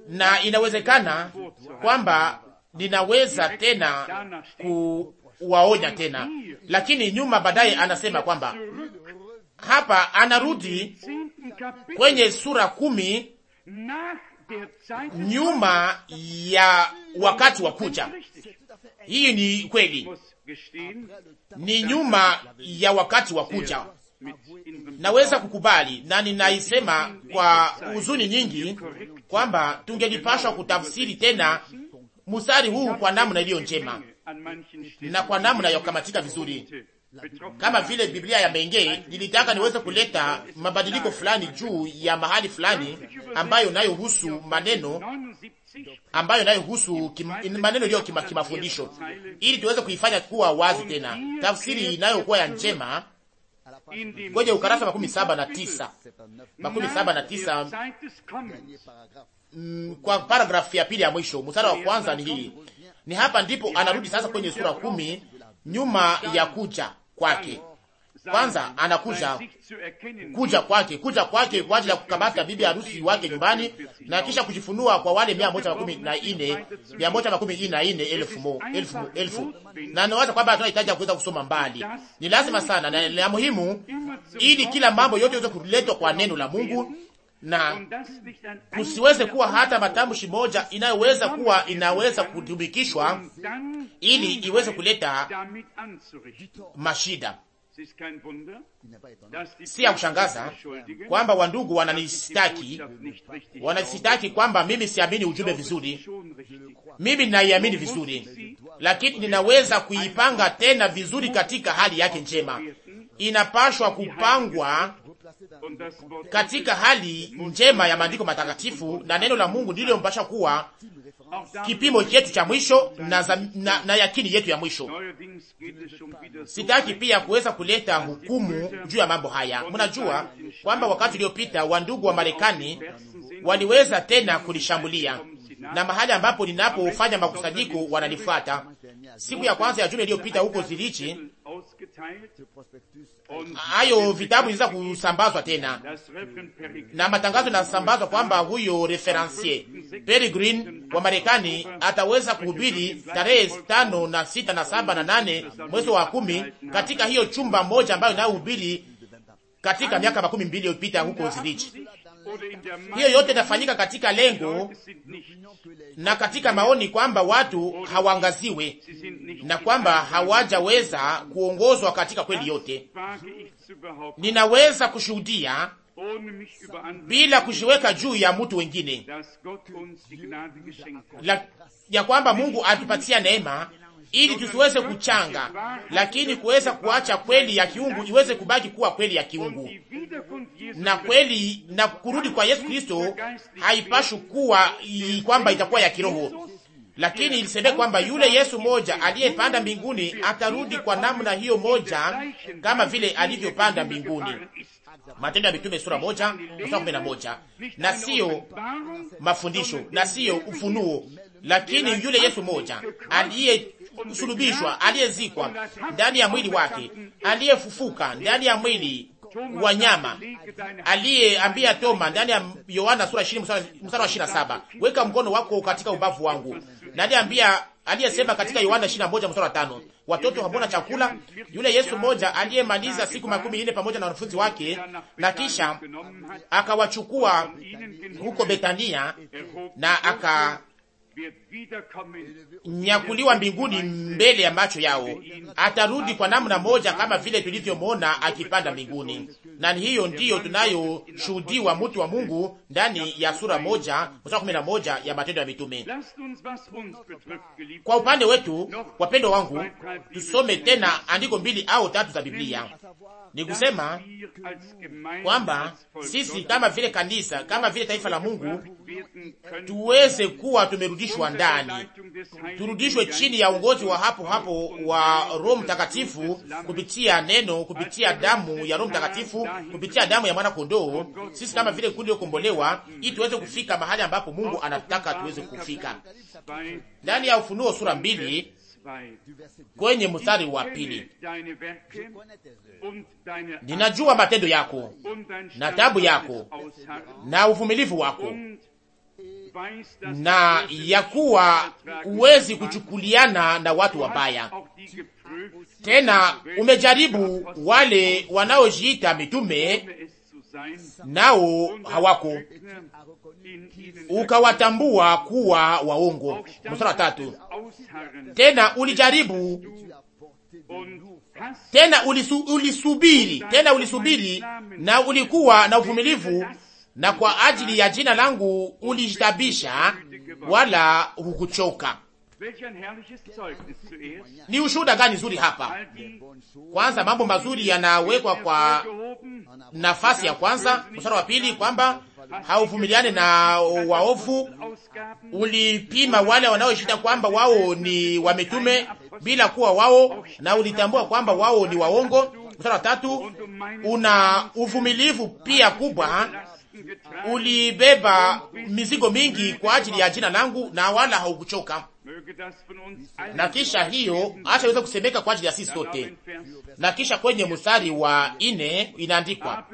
na inawezekana kwamba ninaweza tena kuwaonya tena, lakini nyuma baadaye anasema kwamba hapa anarudi kwenye sura kumi nyuma ya wakati wa kucha. Hii ni kweli, ni nyuma ya wakati wa kucha naweza kukubali na ninaisema kwa huzuni nyingi kwamba tungelipashwa kutafsiri tena mstari huu kwa namna iliyo njema na kwa namna ya kukamatika vizuri, kama vile Biblia ya Menge nilitaka niweze kuleta mabadiliko fulani juu ya mahali fulani ambayo nayohusu maneno ambayo nayohusu kim, maneno iliyo kimafundisho kima ili tuweze kuifanya kuwa wazi tena. Tafsiri inayokuwa ya njema kwenye ukarasa makumi saba na tisa makumi saba na tisa mm, kwa paragrafu ya pili ya mwisho mstari wa kwanza ni hii. Ni hapa ndipo anarudi sasa kwenye sura kumi nyuma ya kuja kwake kwanza anakuja kuja kwake, kuja kwake kwa ajili ya kukamata bibi harusi wake nyumbani, na kisha kujifunua kwa wale mia moja makumi na ine mia moja makumi na ine elfu mo elfu elfu. Na nawaza kwamba tunahitaji kuweza kusoma mbali, ni lazima sana na la muhimu, ili kila mambo yote iweze kuletwa kwa neno la Mungu na kusiweze kuwa hata matamshi moja inayoweza kuwa inaweza kutumikishwa ili iweze kuleta mashida Si ya kushangaza kwamba wandugu wananisitaki, wanasitaki kwamba mimi siamini ujumbe vizuri. Mimi naiamini vizuri, lakini ninaweza kuipanga tena vizuri katika hali yake njema. Inapashwa kupangwa katika hali njema ya maandiko matakatifu, na neno la Mungu ndilo mpasha kuwa kipimo chetu cha mwisho na, za, na, na yakini yetu ya mwisho. Sitaki pia kuweza kuleta hukumu juu ya mambo haya. Mnajua kwamba wakati uliopita wandugu wa Marekani waliweza tena kulishambulia na mahali ambapo ninapofanya makusanyiko wananifuata. Siku ya kwanza ya juma iliyopita huko Zilichi hayo vitabu iliweza kusambazwa tena na matangazo yanasambazwa kwamba huyo referensie Perry Green wa Marekani ataweza kuhubiri tarehe tano na sita na saba na nane mwezi wa kumi katika hiyo chumba moja ambayo inayohubiri katika miaka makumi mbili iliyopita huko Zurich. Hiyo yote inafanyika katika lengo na katika maoni kwamba watu hawangaziwe na kwamba hawajaweza kuongozwa katika kweli yote. Ninaweza kushuhudia bila kujiweka juu ya mtu wengine la, ya kwamba Mungu atupatia neema ili tusiweze kuchanga, lakini kuweza kuacha kweli ya kiungu iweze kubaki kuwa kweli ya kiungu. Na kweli na kurudi kwa Yesu Kristo haipashi kuwa kwamba itakuwa ya kiroho, lakini iliseme kwamba yule Yesu moja aliyepanda mbinguni atarudi kwa namna hiyo moja kama vile alivyopanda mbinguni. Matendo ya Mitume sura moja mstari kumi na moja. Na sio mafundisho na sio ufunuo, lakini yule Yesu moja aliye aliyesulubishwa, aliyezikwa ndani ya mwili wake, aliyefufuka ndani ya mwili wa nyama, aliyeambia Toma ndani ya Yohana sura 20 mstari wa 27, weka mkono wako katika ubavu wangu, na aliyesema katika Yohana 21 mstari wa 5, watoto hawabona chakula. Yule Yesu mmoja aliyemaliza siku makumi nne pamoja na wanafunzi wake, na kisha akawachukua huko Betania na aka nyakuliwa mbinguni mbele ya macho yao. Atarudi kwa namna moja kama vile tulivyomwona akipanda mbinguni, na hiyo ndiyo tunayoshuhudiwa mtu wa Mungu ndani ya sura moja mstari kumi na moja ya Matendo ya Mitume. Kwa upande wetu, wapendo wangu, tusome tena andiko mbili au tatu za Biblia. Ni kusema kwamba sisi kama vile kanisa, kama vile taifa la Mungu, tuweze kuwa tumerudi turudishwa ndani, turudishwe chini ya uongozi wa hapo hapo wa Roho Mtakatifu, kupitia neno, kupitia damu ya Roho Mtakatifu, kupitia damu ya mwana kondoo, sisi kama vile kundi lokombolewa, ili tuweze kufika mahali ambapo Mungu anataka tuweze kufika. Ndani ya Ufunuo sura mbili kwenye mstari wa pili ninajua matendo yako na tabu yako na uvumilivu wako na ya kuwa huwezi kuchukuliana na watu wabaya. Tena umejaribu wale wanaojiita mitume, nao hawako, ukawatambua kuwa waongo. Mstari wa tatu, tena ulijaribu tena ulisu, ulisubiri tena ulisubiri na ulikuwa na uvumilivu na kwa ajili ya jina langu ulijitabisha wala hukuchoka. Ni ushuhuda gani zuri hapa? Kwanza mambo mazuri yanawekwa kwa nafasi ya kwanza, mstari wa pili, kwamba hauvumiliane na waovu, ulipima wale wanaoshita kwamba wao ni wametume bila kuwa wao, na ulitambua kwamba wao ni waongo. Mstari wa tatu una uvumilivu pia kubwa ulibeba mizigo mingi kwa ajili ya jina langu na wala haukuchoka. Na kisha hiyo acha iweze kusemeka kwa ajili ya sisi sote. Na kisha kwenye mstari wa ine inaandikwa,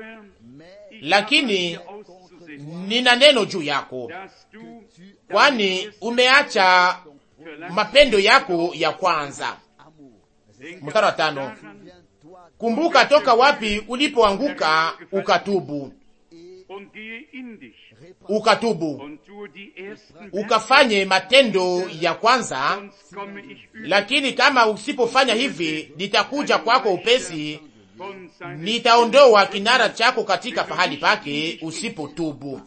lakini nina neno juu yako, kwani umeacha mapendo yako ya kwanza. Mstari wa tano, kumbuka toka wapi ulipoanguka ukatubu ukatubu, ukafanye matendo ya kwanza, lakini kama usipofanya hivi, nitakuja kwako upesi, nitaondoa kinara chako katika pahali pake usipotubu.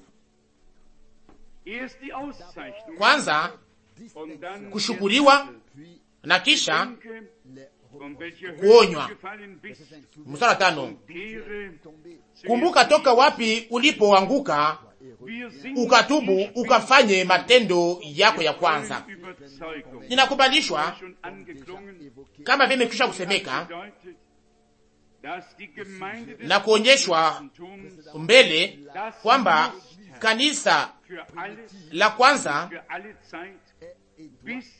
Kwanza kushukuriwa na kisha kuonywa. Mstari tano Kumbuka toka wapi ulipoanguka, ukatubu, ukafanye matendo yako ya kwanza. Ninakubalishwa kama vile imekwisha kusemeka na kuonyeshwa mbele kwamba kanisa la kwanza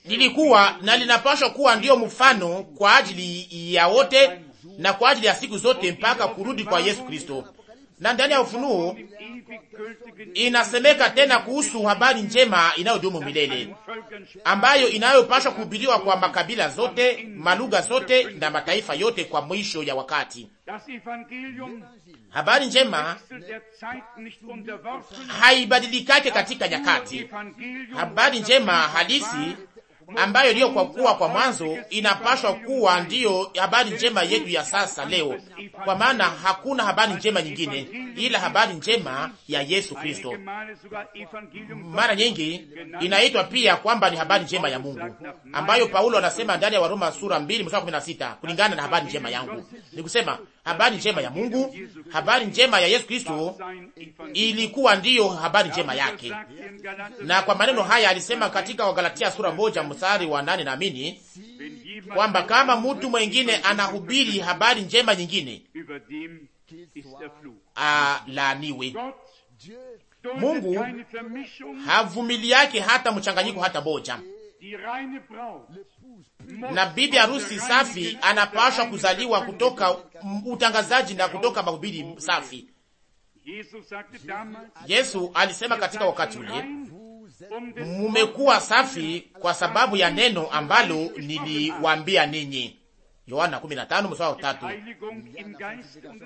lilikuwa na linapaswa kuwa ndiyo mfano kwa ajili ya wote na kwa ajili ya siku zote mpaka kurudi kwa Yesu Kristo. Na ndani ya Ufunuo inasemeka tena kuhusu habari njema inayodumu milele ambayo inayopaswa kuhubiriwa kwa makabila zote, malugha zote na mataifa yote kwa mwisho ya wakati. Habari njema haibadilikake katika nyakati. Habari njema halisi ambayo ndiyo kwa kuwa kwa mwanzo inapashwa kuwa ndiyo habari njema yetu ya sasa leo, kwa maana hakuna habari njema nyingine ila habari njema ya Yesu Kristo. Mara nyingi inaitwa pia kwamba ni habari njema ya Mungu ambayo Paulo anasema ndani ya Waroma sura 2 mstari 16 kulingana na habari njema yangu, nikusema habari njema ya Mungu, habari njema ya Yesu Kristo ilikuwa ndiyo habari njema yake. Na kwa maneno haya alisema katika Wagalatia sura moja mstari wa nane, naamini kwamba kama mtu mwengine anahubiri habari njema nyingine, alaniwe Mungu havumili yake hata mchanganyiko hata moja na bibi harusi safi anapashwa kuzaliwa kutoka utangazaji na kutoka mahubiri safi. Yesu alisema katika wakati ule, mumekuwa safi kwa sababu ya neno ambalo niliwaambia ninyi. Yohana 15:3.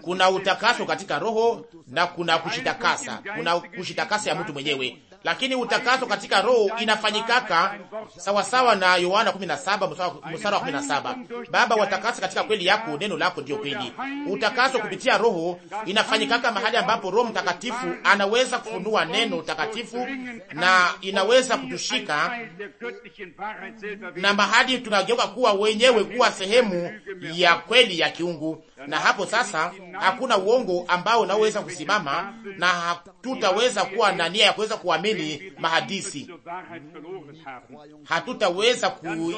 Kuna utakaso katika roho na kuna kushitakasa, kuna kushitakasa ya mtu mwenyewe lakini utakaso katika roho inafanyikaka sawasawa na Yohana 17 mstari wa 17. Baba, watakasa katika kweli yako, neno lako ndiyo kweli. Utakaso kupitia roho inafanyikaka mahali ambapo Roho Mtakatifu anaweza kufunua neno takatifu na inaweza kutushika na mahali tunageuka kuwa wenyewe kuwa sehemu ya kweli ya kiungu na hapo sasa hakuna uongo ambao unaoweza kusimama, na hatutaweza kuwa na nia ya kuweza kuamini mahadisi. Hatutaweza ku...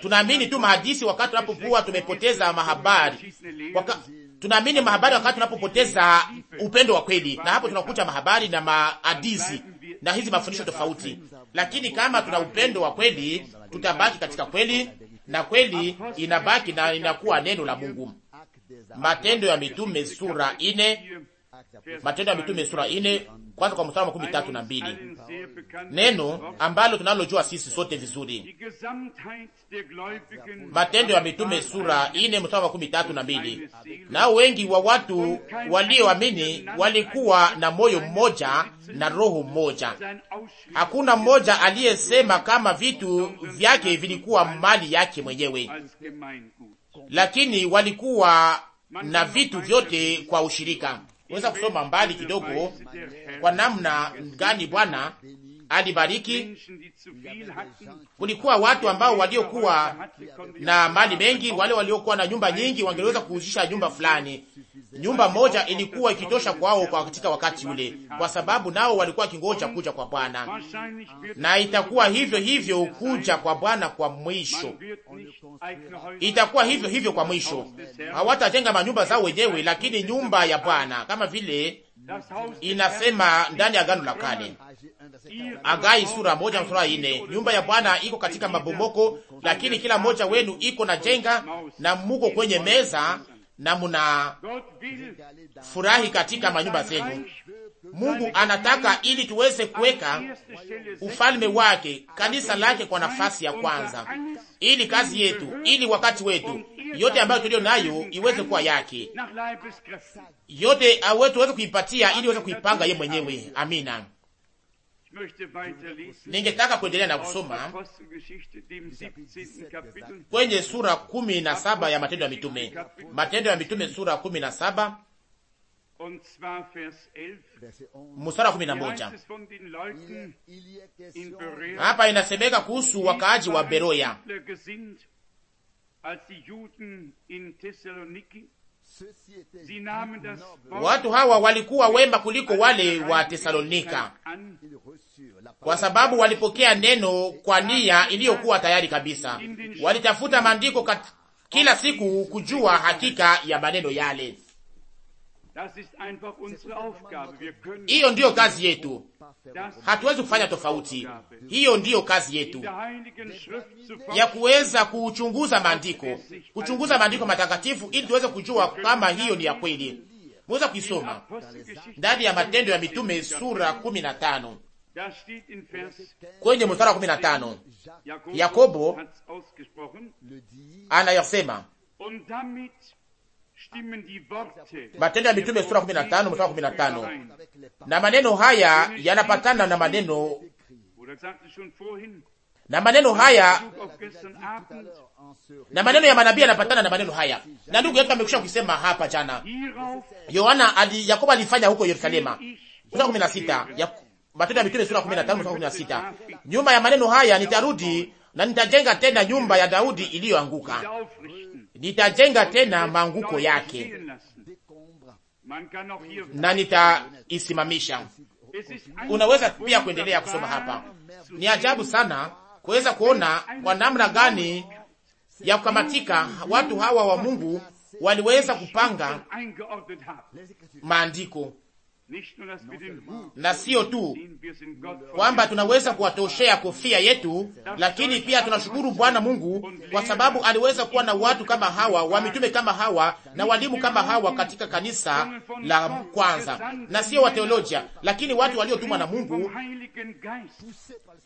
tunaamini tu mahadisi wakati tunapokuwa tumepoteza mahabari Waka... tunaamini mahabari wakati tunapopoteza upendo wa kweli, na hapo tunakuta mahabari na mahadisi na hizi mafundisho tofauti. Lakini kama tuna upendo wa kweli, tutabaki katika kweli na kweli inabaki na inakuwa neno la Mungu. Matendo ya Mitume sura ine, Matendo ya Mitume sura ine, kwanza kwa mstari makumi tatu na mbili. Neno ambalo tunalojua sisi sote vizuri, Matendo ya Mitume sura ine mstari makumi tatu na mbili. Nao wengi wa watu walioamini walikuwa na moyo mmoja na roho mmoja, hakuna mmoja aliyesema kama vitu vyake vilikuwa mali yake mwenyewe lakini walikuwa na vitu vyote kwa ushirika. Weza kusoma mbali kidogo, kwa namna gani Bwana alibariki. Kulikuwa watu ambao waliokuwa na mali mengi, wale waliokuwa na nyumba nyingi wangeweza kuuzisha nyumba fulani. Nyumba moja ilikuwa ikitosha kwao kwa katika wakati ule, kwa sababu nao walikuwa kingoja kuja kwa Bwana, na itakuwa hivyo hivyo kuja kwa Bwana kwa mwisho, itakuwa hivyo hivyo kwa mwisho. Hawatajenga manyumba zao wenyewe, lakini nyumba ya Bwana kama vile inasema ndani ya Agano la Kale, Agai sura moja sura ine, nyumba ya Bwana iko katika mabomoko, lakini kila mmoja wenu iko na jenga na muko kwenye meza na muna furahi katika manyumba zenu. Mungu anataka ili tuweze kuweka ufalme wake, kanisa lake kwa nafasi ya kwanza, ili kazi yetu, ili wakati wetu, yote ambayo tulio nayo iweze kuwa yake, yote tuweze kuipatia ili iweze kuipanga ye mwenyewe. Amina. Ningetaka kuendelea na kusoma kwenye sura kumi na saba ya Matendo ya Mitume, Matendo ya Mitume sura kumi na saba mstari wa kumi na moja. Hapa inasemeka kuhusu wakaaji wa Beroya Watu hawa walikuwa wemba kuliko wale wa Tesalonika, kwa sababu walipokea neno kwa nia iliyokuwa tayari kabisa. Walitafuta maandiko kila siku kujua hakika ya maneno yale. Hiyo ndiyo kazi yetu, hatuwezi kufanya tofauti. Hiyo ndiyo kazi yetu ya kuweza kuchunguza maandiko, kuchunguza maandiko matakatifu, ili tuweze kujua kama hiyo ni ya kweli. Mweza kuisoma ndani ya Matendo ya Mitume sura kumi na tano kwenye mstari wa kumi na tano Yakobo anayosema Matendo ya Mitume sura 15 mstari 15. Na maneno haya yanapatana na maneno na maneno haya na maneno ya manabii yanapatana na maneno haya, na ndugu yetu amekwisha kusema hapa jana. Yohana ali, Yakobo alifanya huko Yerusalema, sura 16, Matendo ya Mitume sura kumi na tano kumi na sita Nyuma ya maneno haya nitarudi na nitajenga tena nyumba ya Daudi iliyoanguka nitajenga tena maanguko yake na nitaisimamisha. Unaweza pia kuendelea kusoma hapa. Ni ajabu sana kuweza kuona kwa namna gani ya kukamatika watu hawa wa Mungu waliweza kupanga maandiko na sio tu kwamba tunaweza kuwatoshea kofia yetu, lakini pia tunashukuru Bwana Mungu kwa sababu aliweza kuwa na watu kama hawa, wamitume kama hawa na walimu kama hawa katika kanisa la kwanza, na sio wateolojia, lakini watu waliotumwa na Mungu,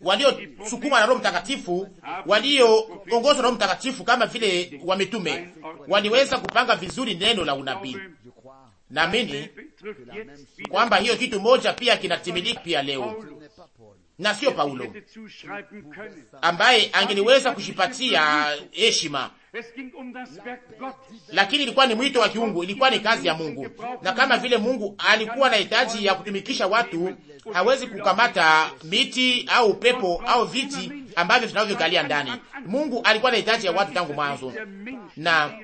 waliosukumwa na Roho Mtakatifu, walioongozwa na Roho Mtakatifu, kama vile wamitume waliweza kupanga vizuri neno la unabii Naamini kwamba hiyo kitu moja pia kinatimilika pia leo, na sio Paulo ambaye angeliweza kujipatia heshima, um lakini ilikuwa ni mwito wa kiungu, ilikuwa ni kazi ya Mungu, na kama vile Mungu alikuwa na hitaji ya kutumikisha watu, hawezi kukamata miti au pepo au viti ambavyo vinavyokalia ndani. Mungu alikuwa na hitaji ya watu tangu mwanzo na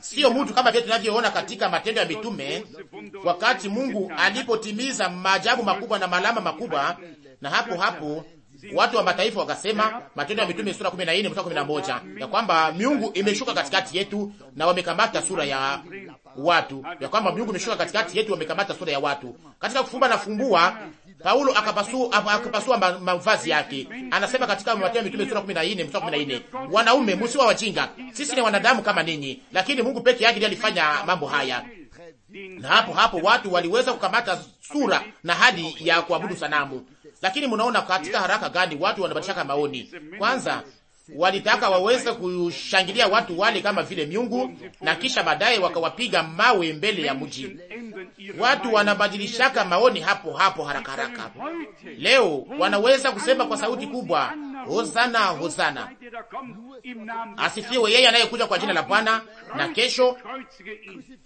sio mtu kama vile tunavyoona katika Matendo ya Mitume, wakati Mungu alipotimiza maajabu makubwa na malama makubwa, na hapo hapo watu wa mataifa wakasema, Matendo ya Mitume sura 14 mstari 11, ya kwamba miungu imeshuka katikati yetu na wamekamata sura ya watu, ya kwamba miungu imeshuka katikati yetu wamekamata sura ya watu. Katika kufumba na fumbua Paulo akapasua akapasua mavazi yake. Anasema katika Mathayo mitume sura 14 mstari 14, wanaume msiwa wajinga, sisi ni wanadamu kama ninyi, lakini Mungu peke yake ndiye alifanya mambo haya. Na hapo hapo watu waliweza kukamata sura na hali ya kuabudu sanamu. Lakini mnaona katika haraka gani watu wanabadilishaka maoni. Kwanza walitaka waweze kushangilia watu wale kama vile miungu, na kisha baadaye wakawapiga mawe mbele ya mji. Watu wanabadilishaka maoni hapo hapo haraka haraka. Leo wanaweza kusema kwa sauti kubwa, Hosana, hosana, asifiwe yeye anayekuja kwa jina la Bwana. Na kesho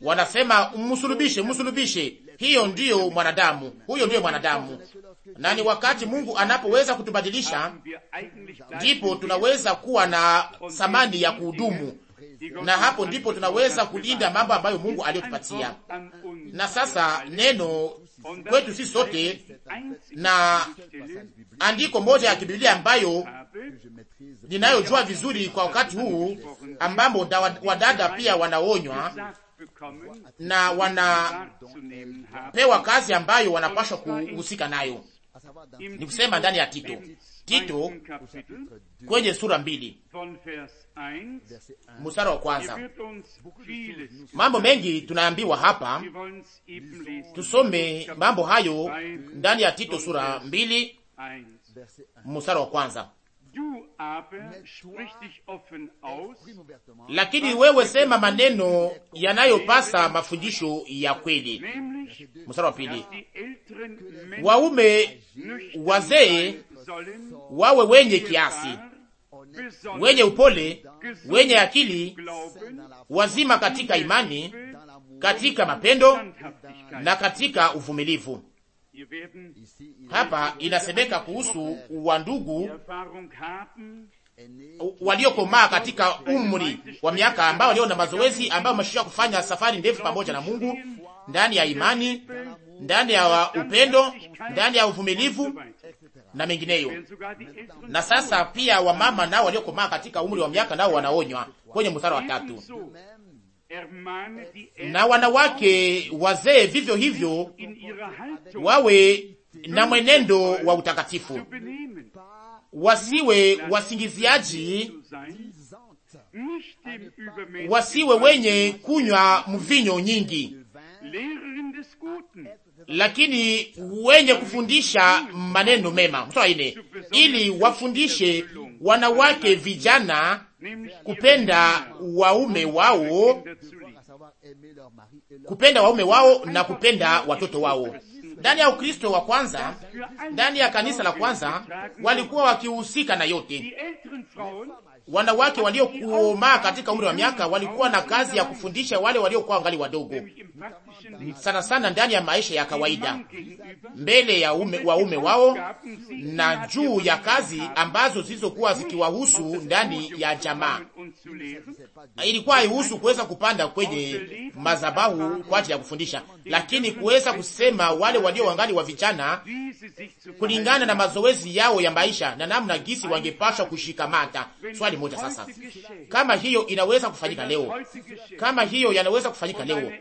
wanasema msulubishe, msulubishe. Hiyo ndiyo mwanadamu, huyo ndiyo mwanadamu. Na ni wakati Mungu anapoweza kutubadilisha, ndipo tunaweza kuwa na thamani ya kuhudumu na hapo ndipo tunaweza kulinda mambo ambayo Mungu aliyotupatia. Na sasa neno kwetu si sote, na andiko moja ya kibiblia ambayo ninayojua vizuri kwa wakati huu, ambapo wadada pia wanaonywa na wanapewa kazi ambayo wanapashwa kuhusika nayo, ni kusema ndani ya Tito Tito kwenye sura mbili mstari wa kwanza. Mambo mengi tunaambiwa hapa, tusome mambo hayo ndani ya Tito sura mbili mstari wa kwanza. Lakini wewe sema maneno yanayopasa mafundisho ya kweli. Mstari wa pili, waume wazee wawe wenye kiasi wenye upole, wenye akili, wazima katika imani, katika mapendo na katika uvumilivu. Hapa inasemeka kuhusu wandugu waliokomaa katika umri wa miaka, ambao walio na mazoezi, ambao wameshia kufanya safari ndefu pamoja na Mungu ndani ya imani, ndani ya upendo, ndani ya uvumilivu, na mengineyo. Na sasa pia wamama nao waliokomaa katika umri wa miaka nao wanaonywa kwenye mstari wa tatu, na wanawake wazee vivyo hivyo wawe na mwenendo wa utakatifu, wasiwe wasingiziaji, wasiwe wenye kunywa mvinyo nyingi lakini wenye kufundisha maneno mema. ine, ili wafundishe wanawake vijana kupenda waume wao, kupenda waume wao na kupenda watoto wao. Ndani ya Ukristo wa kwanza, ndani ya kanisa la kwanza, walikuwa wakihusika na yote wanawake waliokuomaa katika umri wa miaka walikuwa na kazi ya kufundisha wale waliokuwa wangali wadogo, sana sana ndani ya maisha ya kawaida, mbele ya ume, waume wao na juu ya kazi ambazo zilizokuwa zikiwahusu ndani ya jamaa Ah, ilikuwa haihusu kuweza kupanda kwenye mazabahu kwa ajili ya kufundisha, lakini kuweza kusema wale walio wangali wa vijana kulingana na mazoezi yao ya maisha na namna gisi wangepashwa kushikamata. Swali moja sasa, kama hiyo inaweza kufanyika leo, kama hiyo yanaweza kufanyika leo,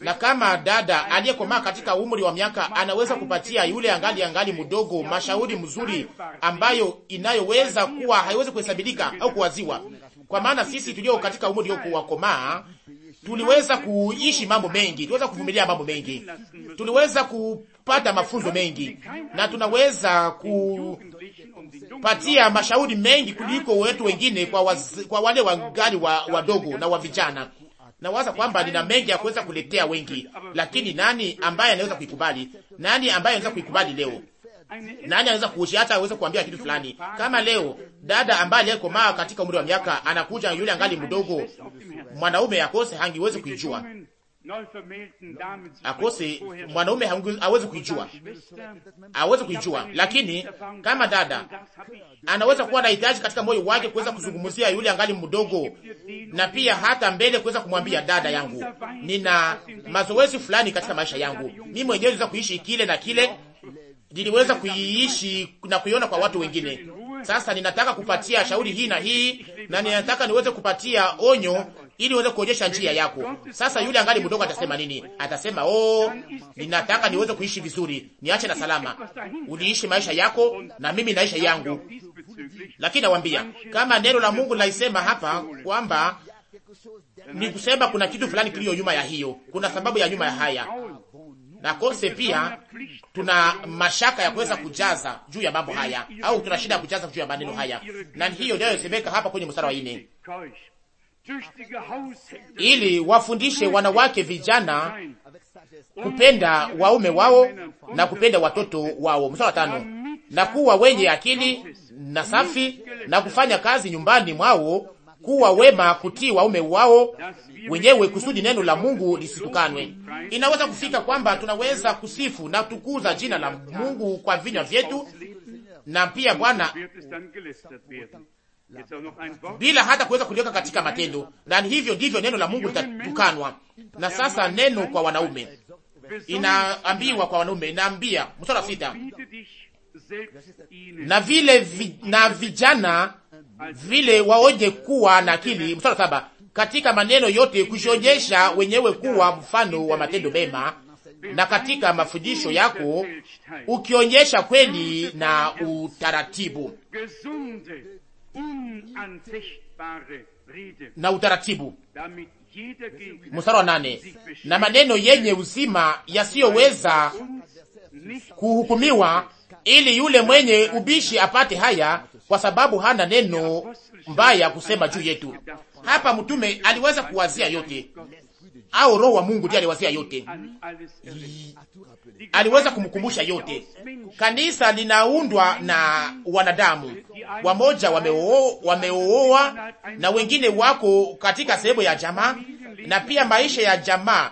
na kama dada aliyekomaa katika umri wa miaka anaweza kupatia yule angali angali mdogo mashauri mzuri ambayo inayoweza kuwa haiwezi kuhesabika au kuwaziwa kwa maana sisi tulio katika umri uliokuwakomaa tuliweza kuishi mambo mengi, tuliweza kuvumilia mambo mengi, tuliweza kupata mafunzo mengi, na tunaweza kupatia mashauri mengi kuliko wetu wengine kwa, waz, kwa wale wangali wadogo wa na wa vijana. Nawaza kwamba nina mengi ya kuweza kuletea wengi, lakini nani ambaye anaweza kuikubali? Nani ambaye anaweza kuikubali leo? Nani anaweza kuishi hata aweze kuambia kitu fulani? Kama leo dada ambaye aliyekomaa katika umri wa miaka anakuja, yule angali mdogo mwanaume akose, hangiwezi kuijua akose mwanaume hawezi kuijua, hawezi kuijua. Lakini kama dada anaweza kuwa na hitaji katika moyo wake kuweza kuzungumzia yule angali mdogo, na pia hata mbele kuweza kumwambia dada yangu, nina mazoezi fulani katika maisha yangu, mimi mwenyewe naweza kuishi kile na kile, niliweza kuiishi na kuiona kwa watu wengine. Sasa ninataka kupatia shauri hii na hii, na ninataka niweze kupatia onyo ili uweze kuonyesha njia yako. Sasa yule angali mdogo atasema nini? Atasema oh, ninataka niweze kuishi vizuri, niache na salama. Uliishi maisha yako na mimi naisha yangu. Lakini nawaambia kama neno la Mungu laisema hapa kwamba ni kusema kuna kitu fulani kilio nyuma ya hiyo, kuna sababu ya nyuma ya haya, na kose pia tuna mashaka ya kuweza kujaza juu ya mambo haya, au tuna shida ya kujaza juu ya maneno haya, na hiyo ndio inayosemeka hapa kwenye mstari wa nne ili wafundishe wanawake vijana kupenda waume wao na kupenda watoto wao. Mstari wa tano, na kuwa wenye akili na safi na kufanya kazi nyumbani mwao kuwa wema, kutii waume wao wenyewe, kusudi neno la Mungu lisitukanwe. Inaweza kufika kwamba tunaweza kusifu na tukuza jina la Mungu kwa vinywa vyetu na pia Bwana bila hata kuweza kuliweka katika matendo, na hivyo ndivyo neno la Mungu litatukanwa. Na sasa neno kwa wanaume inaambiwa, kwa wanaume inaambia mstari wa sita na vile vi, na vijana vile waoje kuwa na akili. Mstari saba, katika maneno yote kujionyesha wenyewe kuwa mfano wa matendo mema, na katika mafundisho yako ukionyesha kweli na utaratibu na utaratibu. Mstari wa nane, na maneno yenye uzima yasiyoweza kuhukumiwa, ili yule mwenye ubishi apate haya kwa sababu hana neno mbaya kusema juu yetu. Hapa mtume aliweza kuwazia yote, au roho wa Mungu ndiye aliwazia yote, aliweza kumkumbusha yote. Kanisa linaundwa na wanadamu wamoja, wameooa na wengine wako katika sehemu ya jamaa, na pia maisha ya jamaa,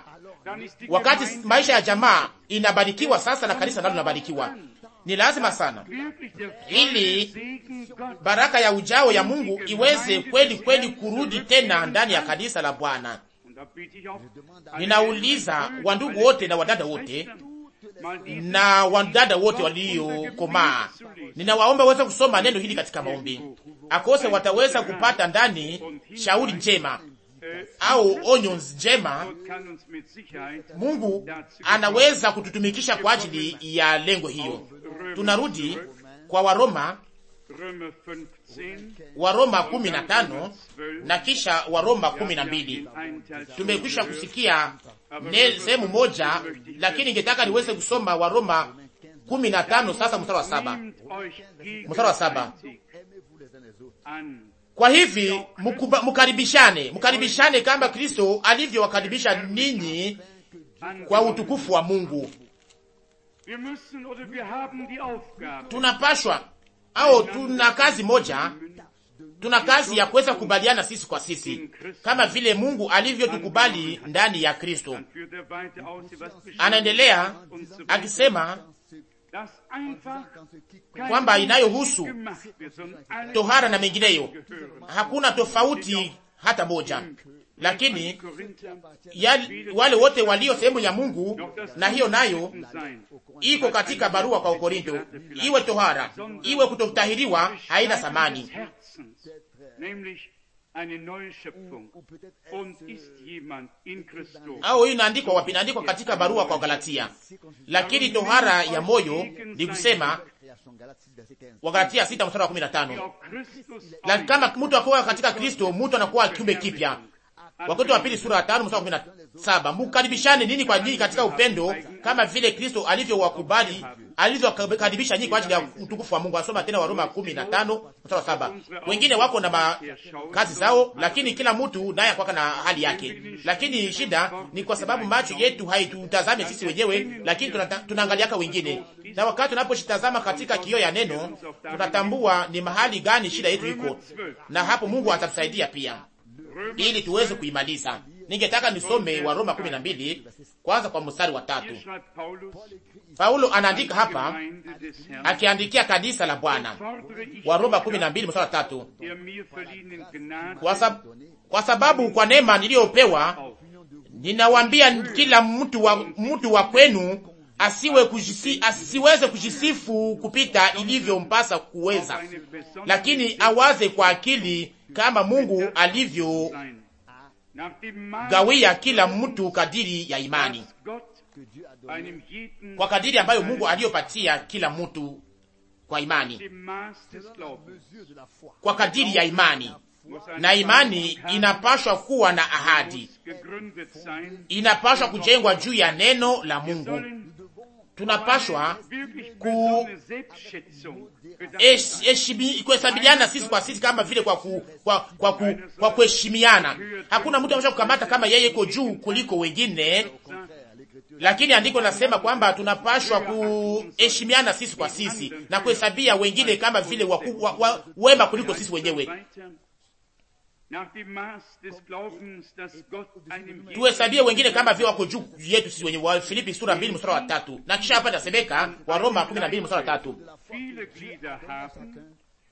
wakati maisha ya jamaa inabarikiwa sasa, na kanisa nalo linabarikiwa ni lazima sana ili baraka ya ujao ya Mungu iweze kweli kweli kurudi tena ndani ya kanisa la Bwana. Ninauliza wandugu wote na wadada wote na wadada wote waliokomaa, ninawaomba waweze kusoma neno hili katika maombi, akose wataweza kupata ndani shauri njema au onyo njema. Mungu anaweza kututumikisha kwa ajili ya lengo hiyo tunarudi kwa Waroma, Waroma kumi na tano na kisha Waroma kumi na mbili. Tumekwisha kusikia sehemu moja, lakini ningetaka niweze kusoma Waroma kumi na tano sasa mstari wa saba, mstari wa saba. Kwa hivi mkaribishane, mukaribishane mukaribishane kama Kristo alivyowakaribisha ninyi kwa utukufu wa Mungu tunapashwa au tuna kazi moja, tuna kazi ya kuweza kukubaliana sisi kwa sisi, kama vile Mungu alivyotukubali ndani ya Kristo. Anaendelea akisema kwamba inayohusu tohara na mengineyo, hakuna tofauti hata moja, lakini ya, wale wote walio sehemu ya Mungu, na hiyo nayo iko katika barua kwa Ukorinto, iwe tohara iwe kutotahiriwa haina thamani au inaandikwa, inaandikwa katika barua kwa Galatia. Lakini tohara ya moyo ni kusema, Wagalatia 6 mstari wa kama mtu akoa katika Kristo, mtu anakuwa kiumbe kipya, Wakorintho wa pili sura tano 5 mstari wa 17, mukaribishane kwa ninyi katika upendo kama vile Kristo alivyowakubali alivyokaribisha nyinyi kwa ajili ya utukufu wa Mungu. Asoma tena Waroma 15 mstari wa 7. Wengine wako na makazi zao, lakini kila mtu naye akwaka na hali yake. Lakini shida ni kwa sababu macho yetu haitutazame sisi wenyewe, lakini tunaangalia kwa wengine, na wakati tunapotazama katika kioo ya neno tunatambua ni mahali gani shida yetu iko, na hapo Mungu atatusaidia pia ili tuweze kuimaliza. Ningetaka nisome wa Roma 12 kwanza kwa mstari wa tatu. Paulo anaandika hapa akiandikia kanisa la Bwana, wa Roma 12 mstari wa tatu, kwa, sab kwa sababu kwa neema niliyopewa ninawambia kila mtu wa, mtu wa kwenu asiwe kujisi, asiweze kujisifu kupita ilivyompasa kuweza, lakini awaze kwa akili kama Mungu alivyogawia kila mtu kadiri ya imani, kwa kadiri ambayo Mungu aliyopatia kila mtu kwa imani, kwa kadiri ya imani. Na imani inapashwa kuwa na ahadi, inapashwa kujengwa juu ya neno la Mungu tunapashwa kuhesabiliana eh, eh, sisi kwa sisi kama vile kwa kwa kuheshimiana. Hakuna mtu anaweza kukamata kama yeye iko juu kuliko wengine, lakini andiko nasema kwamba tunapashwa kuheshimiana sisi kwa sisi na kuhesabia wengine kama vile waku, wa, wa, wema kuliko sisi wenyewe tuhesabie wengine kama vile wako juu yetu sisi wenye Wafilipi sura mbili mstari wa tatu na kisha hapa nasemeka wa Roma kumi na mbili mstari wa tatu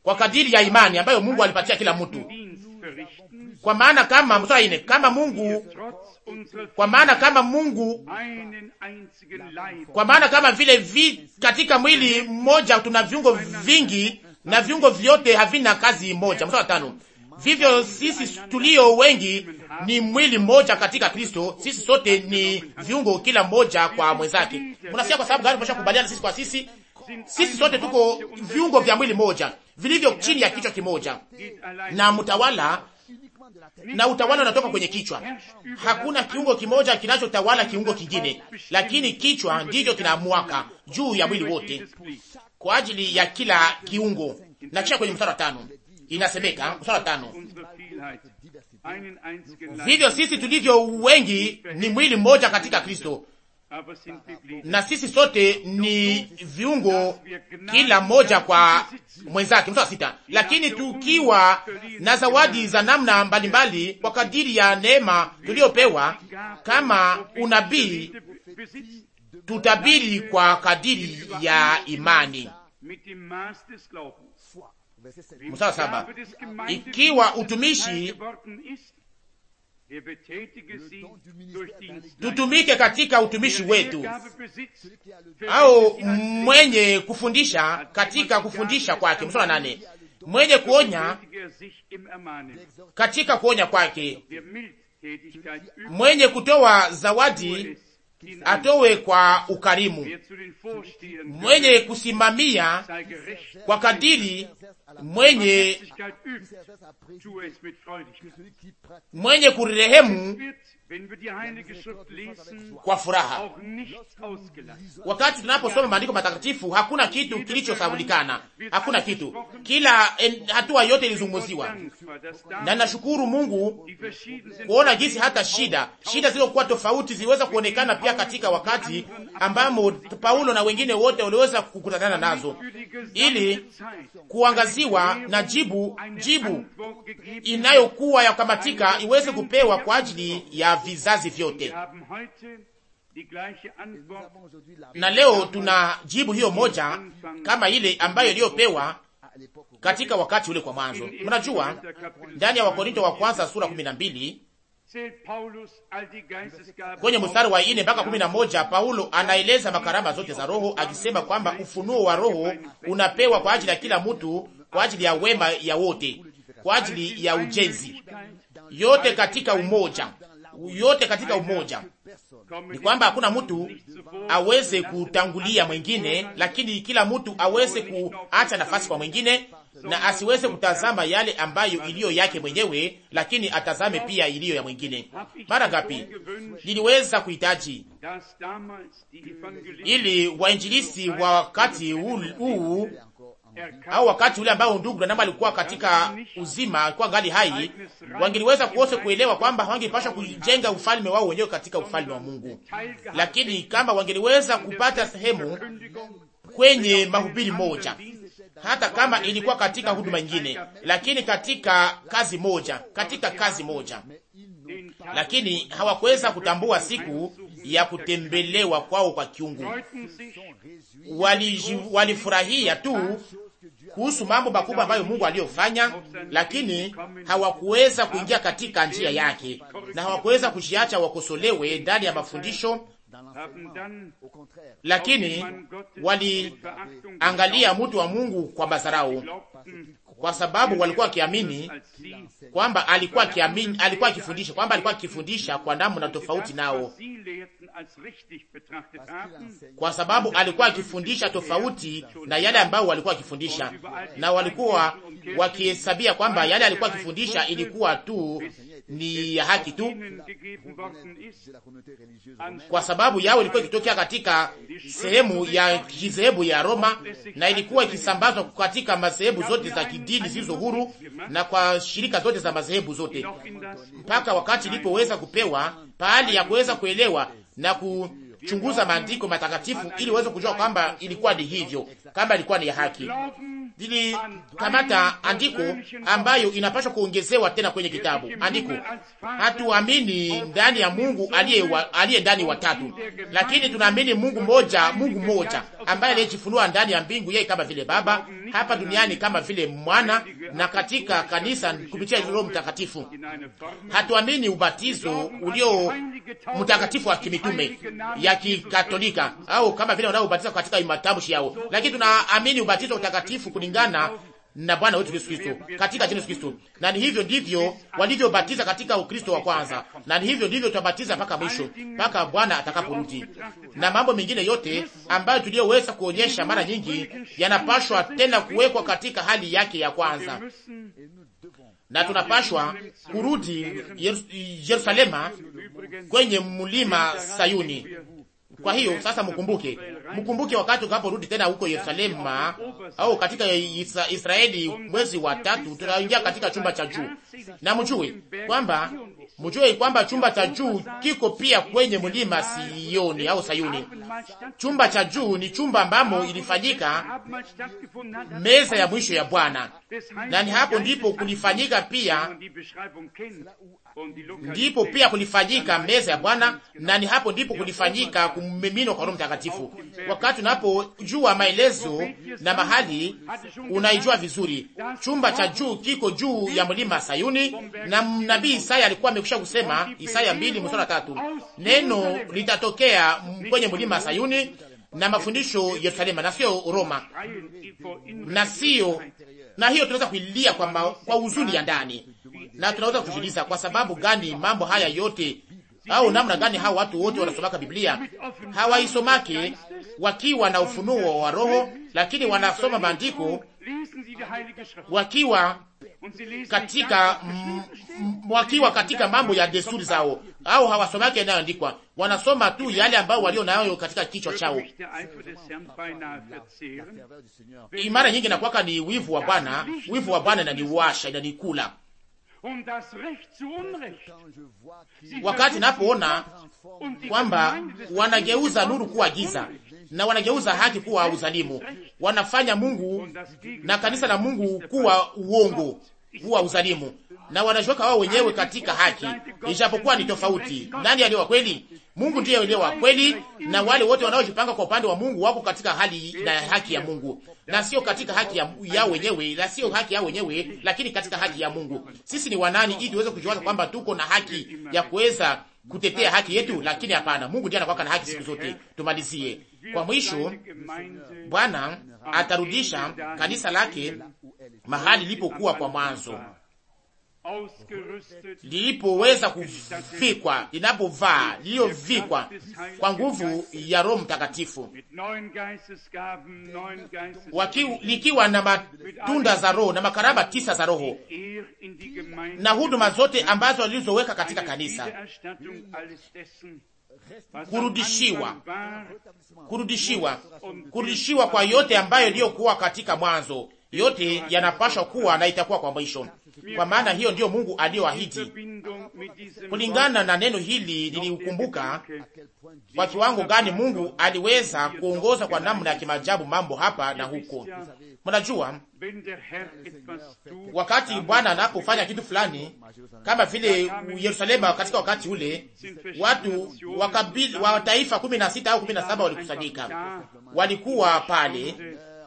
kwa kadiri ya imani ambayo Mungu alipatia kila mtu. Kwa maana kama mstari ine, kama Mungu, kwa maana kama Mungu, kwa maana kama vile vi, katika mwili mmoja tuna viungo vingi na viungo vyote havina kazi moja. Mstari wa tano Vivyo sisi tulio wengi ni mwili mmoja katika Kristo, sisi sote ni viungo, kila mmoja kwa mwenzake. Mnasikia kwa sababu gani? Tumesha kubaliana sisi kwa sisi, sisi sote tuko viungo vya mwili mmoja vilivyo chini ya kichwa kimoja, na mtawala na utawala unatoka kwenye kichwa. Hakuna kiungo kimoja kinachotawala kiungo kingine, lakini kichwa ndicho kinamwaka juu ya mwili wote kwa ajili ya kila kiungo. Na kisha kwenye mstari wa tano Inasemeka sura tano, vivyo sisi tulivyo wengi ni mwili mmoja katika Kristo, na sisi sote ni viungo, kila mmoja kwa mwenzake. Mstari sita, lakini tukiwa na zawadi za namna mbalimbali kwa kadiri ya neema tuliyopewa, kama unabii tutabiri kwa kadiri ya imani mstari saba, ikiwa utumishi tutumike katika utumishi wetu, au mwenye kufundisha katika kufundisha kwake. Mstari nane, mwenye kuonya katika kuonya kwake, mwenye kutoa zawadi atowe kwa ukarimu, mwenye kusimamia kwa kadiri, mwenye mwenye kurehemu kwa furaha. Wakati tunaposoma maandiko matakatifu, hakuna kitu kilichosabulikana hakuna kitu, kila en, hatua yote ilizungumziwa, na nashukuru Mungu kuona jinsi hata shida shida zilizokuwa tofauti ziliweza kuonekana pia katika wakati ambamo Paulo na wengine wote waliweza kukutanana nazo, ili kuangaziwa na jibu jibu inayokuwa yakamatika iweze kupewa kwa ajili ya vizazi vyote. Na leo tuna jibu hiyo moja kama ile ambayo iliyopewa katika wakati ule kwa mwanzo. Mnajua ndani ya Wakorinto wa kwanza sura 12 kwenye mstari wa ine mpaka kumi na moja Paulo anaeleza makarama zote za Roho akisema kwamba ufunuo wa Roho unapewa kwa ajili ya kila mtu, kwa ajili ya wema ya wote, kwa ajili ya ujenzi, yote katika umoja, yote katika umoja, ni kwamba hakuna mtu aweze kutangulia mwingine, lakini kila mtu aweze kuacha nafasi kwa mwingine na asiweze kutazama yale ambayo iliyo yake mwenyewe, lakini atazame pia iliyo ya mwingine. Mara ngapi niliweza kuhitaji ili wainjilisi wa wakati huu au wakati ule ambao ndugu Branham alikuwa katika uzima, alikuwa ngali hai, wangeliweza kuose kuelewa kwamba wangepasha kujenga ufalme wao wenyewe katika ufalme wa Mungu, lakini kama wangeliweza kupata sehemu kwenye mahubiri moja, hata kama ilikuwa katika huduma nyingine, lakini katika kazi moja, katika kazi moja, lakini hawakuweza kutambua siku ya kutembelewa kwao kwa kiungu. Walifurahia wali tu kuhusu mambo makubwa ambayo Mungu aliyofanya, lakini hawakuweza kuingia katika njia yake na hawakuweza kujiacha wakosolewe ndani ya mafundisho, lakini waliangalia mtu wa Mungu kwa mazarau kwa sababu walikuwa wakiamini kwamba alikuwa akiamini, alikuwa akifundisha kwamba alikuwa akifundisha kwa namna tofauti nao, kwa sababu alikuwa akifundisha tofauti na yale ambayo walikuwa wakifundisha, na walikuwa wakihesabia kwamba yale alikuwa akifundisha ilikuwa tu ni ya haki tu, kwa sababu yao ilikuwa ikitokea katika sehemu ya kizehebu ya Roma na ilikuwa ikisambazwa katika madhehebu zote za kidini zilizo huru na kwa shirika zote za madhehebu zote, mpaka wakati ilipoweza kupewa pahali ya kuweza kuelewa na ku chunguza maandiko matakatifu ili uweze kujua kwamba ilikuwa ni hivyo, kama ilikuwa ni haki. Nilikamata andiko ambayo inapaswa kuongezewa tena kwenye kitabu andiko, hatuamini ndani ya Mungu aliye ndani watatu, lakini tunaamini Mungu mmoja, Mungu moja ambaye aliyejifunua ndani ya mbingu, yeye kama vile Baba hapa duniani, kama vile Mwana na katika kanisa kupitia Roho Mtakatifu. Hatuamini ubatizo ulio mtakatifu wa kimitume ya Kikatolika au kama vile wanaobatiza katika matamshi yao, lakini tunaamini ubatizo mtakatifu kulingana na Bwana wetu Yesu Kristo, katika jina Yesu Kristo. Na ni hivyo ndivyo walivyobatiza katika Ukristo wa kwanza, na ni hivyo ndivyo tutabatiza mpaka mwisho, mpaka Bwana atakaporudi. Na mambo mengine yote ambayo tuliyoweza kuonyesha mara nyingi yanapashwa tena kuwekwa katika hali yake ya kwanza, na tunapashwa kurudi Yerusalema, kwenye mlima Sayuni kwa hiyo sasa mkumbuke, mkumbuke wakati utakaporudi tena huko Yerusalema au katika Israeli mwezi wa tatu, tunaingia katika chumba cha juu na mjue kwamba mjue kwamba chumba cha juu kiko pia kwenye mlima Sioni au Sayuni. Chumba cha juu ni chumba ambamo ilifanyika meza ya mwisho ya Bwana, na ni hapo ndipo kulifanyika pia, ndipo pia kulifanyika meza ya Bwana, na ni hapo ndipo kulifanyika kumiminwa kwa Roho Mtakatifu. Wakati unapojua maelezo na mahali, unaijua vizuri. Chumba cha juu kiko juu ya mlima Sayuni. Sayuni, na nabii Isaya alikuwa amekwisha kusema, Isaya mbili mstari wa tatu, neno litatokea kwenye mlima Sayuni na mafundisho Yerusalema na sio Roma, na sio na hiyo tunaweza kuilia kwa, ma, kwa uzuni ya ndani, na tunaweza kujiuliza kwa sababu gani mambo haya yote au namna gani hao watu wote wanasomaka Biblia hawaisomaki wakiwa na ufunuo wa Roho, lakini wanasoma maandiko wakiwa katika, wakiwa katika mambo ya desturi zao, au hawasomake inayoandikwa, wanasoma tu yale ambayo walio nayo katika kichwa chao. Imara nyingi nakwaka ni wivu wa Bwana, wivu wa Bwana inaniwasha inanikula Um Wakati napoona um kwamba wanageuza nuru kuwa giza um na wanageuza haki kuwa uzalimu, wanafanya Mungu na kanisa la Mungu kuwa uongo, kuwa uzalimu, na wanajiweka wao wenyewe katika haki, ijapokuwa ni tofauti. Nani aliye wa kweli? Mungu ndiye yule wa kweli, na wale wote wanaojipanga kwa upande wa Mungu wako katika hali na haki ya Mungu, na sio katika haki ya, yao wenyewe, na sio haki ya wenyewe, lakini katika haki ya Mungu. Sisi ni wanani ili tuweze kujiwaza kwamba tuko na haki ya kuweza kutetea haki yetu, lakini hapana. Mungu ndiye anakuwa na haki siku zote. Tumalizie kwa mwisho, Bwana atarudisha kanisa lake mahali lipokuwa kwa mwanzo lilipoweza kuvikwa, linapovaa, liliyovikwa kwa nguvu ya Roho Mtakatifu, likiwa na matunda za Roho na makaraba tisa za Roho na huduma zote ambazo alizoweka katika kanisa kurudishiwa kurudishiwa kurudishiwa kwa yote ambayo iliyokuwa katika mwanzo yote yanapashwa kuwa na itakuwa kwa mwisho, kwa maana hiyo ndiyo Mungu aliyoahidi. Kulingana na neno hili, niliukumbuka kwa kiwango gani Mungu aliweza kuongoza kwa namna ya kimajabu mambo hapa na huko. Mnajua, wakati Bwana anapofanya kitu fulani, kama vile Yerusalemu katika wakati ule, watu wataifa wa taifa kumi na sita au kumi na saba walikusanyika, walikuwa pale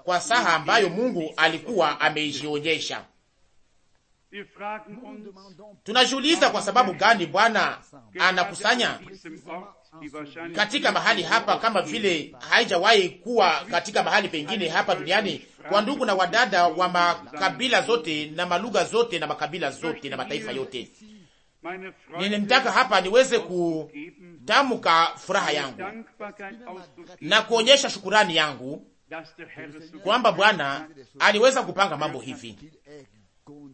kwa saha ambayo Mungu alikuwa ameijionyesha. Tunajiuliza kwa sababu gani Bwana anakusanya katika mahali hapa kama vile haijawahi kuwa katika mahali pengine hapa duniani, kwa ndugu na wadada wa makabila zote na malugha zote na makabila zote na mataifa yote. mtaka hapa niweze kutamka furaha yangu na kuonyesha shukurani yangu kwamba Bwana aliweza kupanga mambo hivi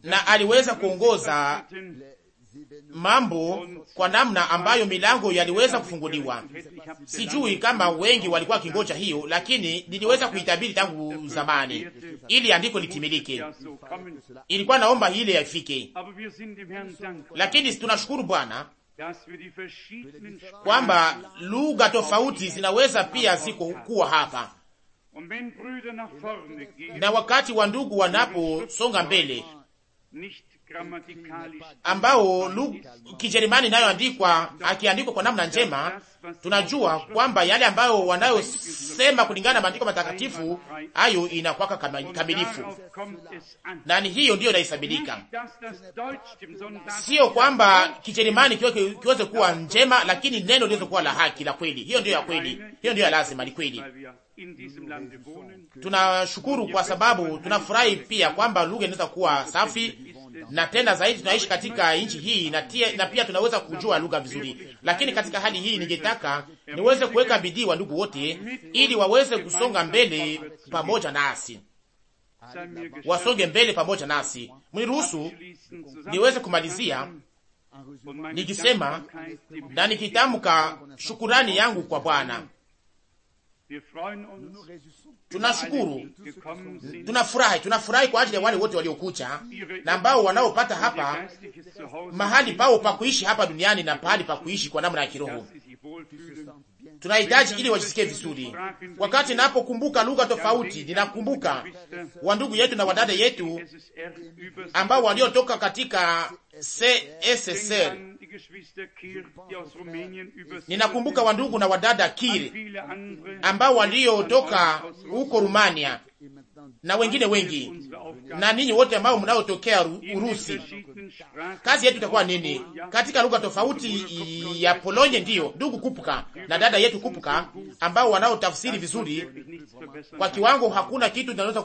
na aliweza kuongoza mambo kwa namna ambayo milango yaliweza kufunguliwa. Sijui kama wengi walikuwa wakingoja hiyo, lakini niliweza kuitabiri tangu zamani ili andiko litimilike. Ilikuwa naomba ile yafike, lakini tunashukuru Bwana kwamba lugha tofauti zinaweza pia ziko kuwa hapa na wakati wa ndugu wanaposonga mbele, ambao kijerimani inayoandikwa akiandikwa kwa namna njema, tunajua kwamba yale ambayo wanayosema kulingana na maandiko matakatifu hayo inakwaka kamilifu, na ni hiyo ndiyo inaisabilika. Sio kwamba kijerimani kiweze kuwa njema, lakini neno liweze kuwa la haki la kweli. Hiyo ndiyo ya kweli, hiyo ndiyo ya lazima, ni kweli Tunashukuru kwa sababu tunafurahi pia kwamba lugha inaweza kuwa safi na tena zaidi tunaishi katika nchi hii na, tia, na pia tunaweza kujua lugha vizuri. Lakini katika hali hii ningetaka niweze kuweka bidii wa ndugu wote ili waweze kusonga mbele pamoja nasi, wasonge mbele pamoja nasi. Mniruhusu niweze kumalizia nikisema na nikitamka shukurani yangu kwa Bwana Tunashukuru, tunafurahi, tunafurahi kwa ajili ya wale wote waliokucha na ambao wanaopata hapa mahali pao pa kuishi hapa duniani na pahali pa kuishi kwa namna ya kiroho tunahitaji ili wajisikie vizuri. Wakati napokumbuka lugha tofauti, ninakumbuka wandugu yetu na wadada yetu ambao waliotoka katika CSSR Ninakumbuka wandugu na wadada Kir ambao waliotoka huko Rumania na wengine wengi, na ninyi wote ambao mnaotokea Urusi. Kazi yetu itakuwa nini katika lugha tofauti ya Polonye? Ndiyo ndugu Kupuka na dada yetu Kupuka ambao wanaotafsiri vizuri kwa kiwango, hakuna kitu tunaweza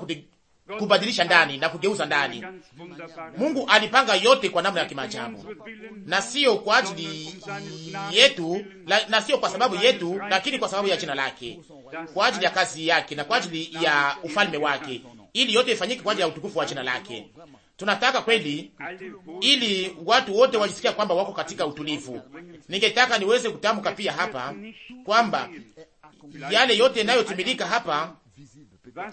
kubadilisha ndani na kugeuza ndani. Mungu alipanga yote kwa namna ya kimajabu, na sio kwa ajili yetu la, na sio kwa sababu yetu, lakini kwa sababu ya jina lake, kwa ajili ya kazi yake na kwa ajili ya ufalme wake, ili yote ifanyike kwa ajili ya utukufu wa jina lake. Tunataka kweli, ili watu wote wajisikia kwamba wako katika utulivu. Ningetaka niweze kutamka pia hapa kwamba yale yote yanayotimilika hapa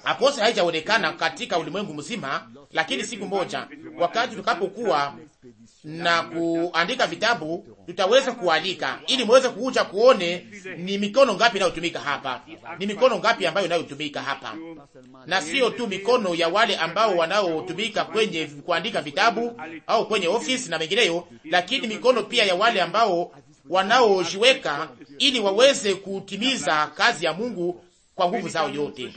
akose haijaonekana katika ulimwengu mzima, lakini siku moja wakati tutakapokuwa na kuandika vitabu tutaweza kualika ili muweze kuja kuone ni mikono ngapi inayotumika hapa, ni mikono ngapi ambayo inayotumika hapa, na sio tu mikono ya wale ambao wanaotumika kwenye kuandika vitabu au kwenye ofisi na mengineyo, lakini mikono pia ya wale ambao wanaojiweka ili waweze kutimiza kazi ya Mungu kwa nguvu zao yote.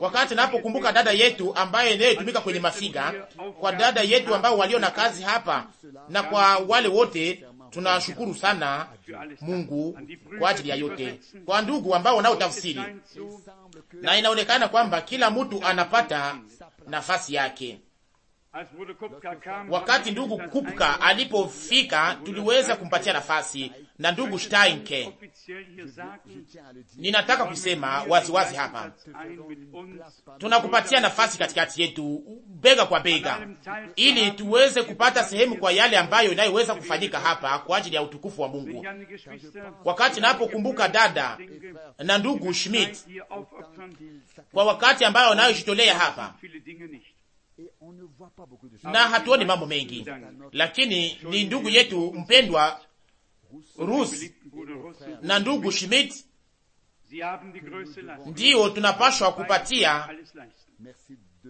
Wakati napokumbuka dada yetu ambaye inayetumika kwenye mafiga, kwa dada yetu ambao walio na kazi hapa na kwa wale wote, tunashukuru sana Mungu kwa ajili ya yote, kwa ndugu ambao wanao tafsiri, na inaonekana kwamba kila mtu anapata nafasi yake. Wakati ndugu Kupka alipofika, tuliweza kumpatia nafasi na ndugu Steinke. Ninataka kusema waziwazi wazi hapa, tunakupatia nafasi katikati yetu, bega kwa bega, ili tuweze kupata sehemu kwa yale ambayo inayoweza kufanyika hapa kwa ajili ya utukufu wa Mungu. Wakati napokumbuka dada na ndugu Schmidt, kwa wakati ambayo anayojitolea hapa na hatuoni mambo mengi, lakini ni ndugu yetu mpendwa Rus na ndugu Schmidt ndiyo tunapashwa kupatia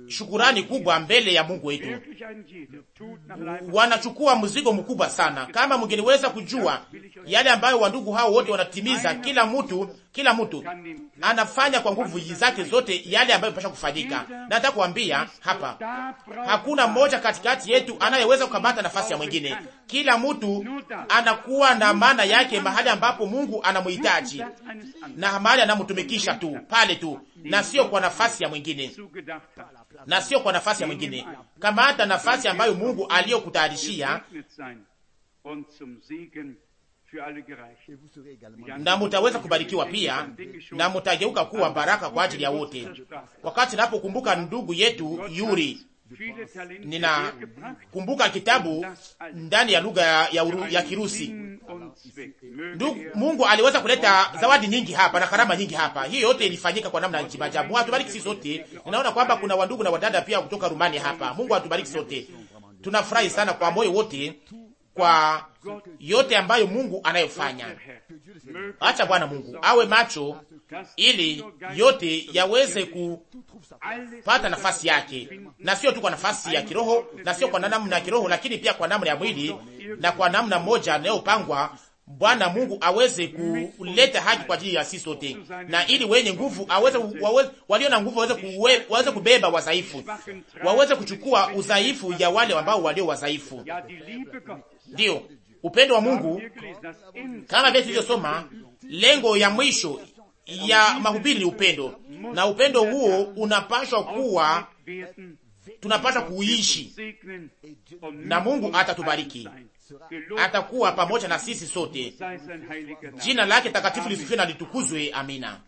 shukurani kubwa mbele ya Mungu wetu. Wanachukua mzigo mkubwa sana. Kama mngeliweza kujua yale ambayo wandugu hao wote wanatimiza, kila mtu kila mtu anafanya kwa nguvu zake zote yale ambayo pasha kufanyika. nataka kuambia hapa, hakuna mmoja katikati yetu anayeweza kukamata nafasi ya mwingine. Kila mtu anakuwa na maana yake mahali ambapo Mungu anamhitaji na mahali anamtumikisha tu pale tu, na sio kwa nafasi ya mwingine, na sio kwa nafasi ya mwingine. Kamata nafasi ambayo Mungu aliyokutayarishia na mutaweza kubarikiwa pia, na mutageuka kuwa baraka kwa ajili ya wote. Wakati napokumbuka ndugu yetu Yuri, ninakumbuka kitabu ndani ya lugha ya, ya, Kirusi. Ndugu, Mungu aliweza kuleta zawadi nyingi hapa na karama nyingi hapa. Hiyo yote ilifanyika kwa namna ya ajabu. Atubariki sisi sote. Ninaona kwamba kuna wandugu na wadada pia kutoka Rumani hapa. Mungu atubariki sote. Tunafurahi sana kwa moyo wote kwa yote ambayo Mungu anayofanya. Acha Bwana Mungu awe macho, ili yote yaweze kupata nafasi yake, na sio tu kwa nafasi ya kiroho, na sio kwa namna ya kiroho, lakini pia kwa namna ya mwili na kwa namna moja anayopangwa Bwana Mungu aweze kuleta haki kwa ajili ya sisi sote, na ili wenye nguvu aweze, waweze, walio na nguvu waweze, kuwe, waweze kubeba wazaifu, waweze kuchukua udhaifu ya wale ambao walio wazaifu. Ndiyo upendo wa Mungu, kama vile tulivyosoma, lengo ya mwisho ya mahubiri ni upendo, na upendo huo unapashwa kuwa, tunapashwa kuishi, na Mungu atatubariki, atakuwa pamoja na sisi sote. Jina lake takatifu lisifiwe na litukuzwe. Amina.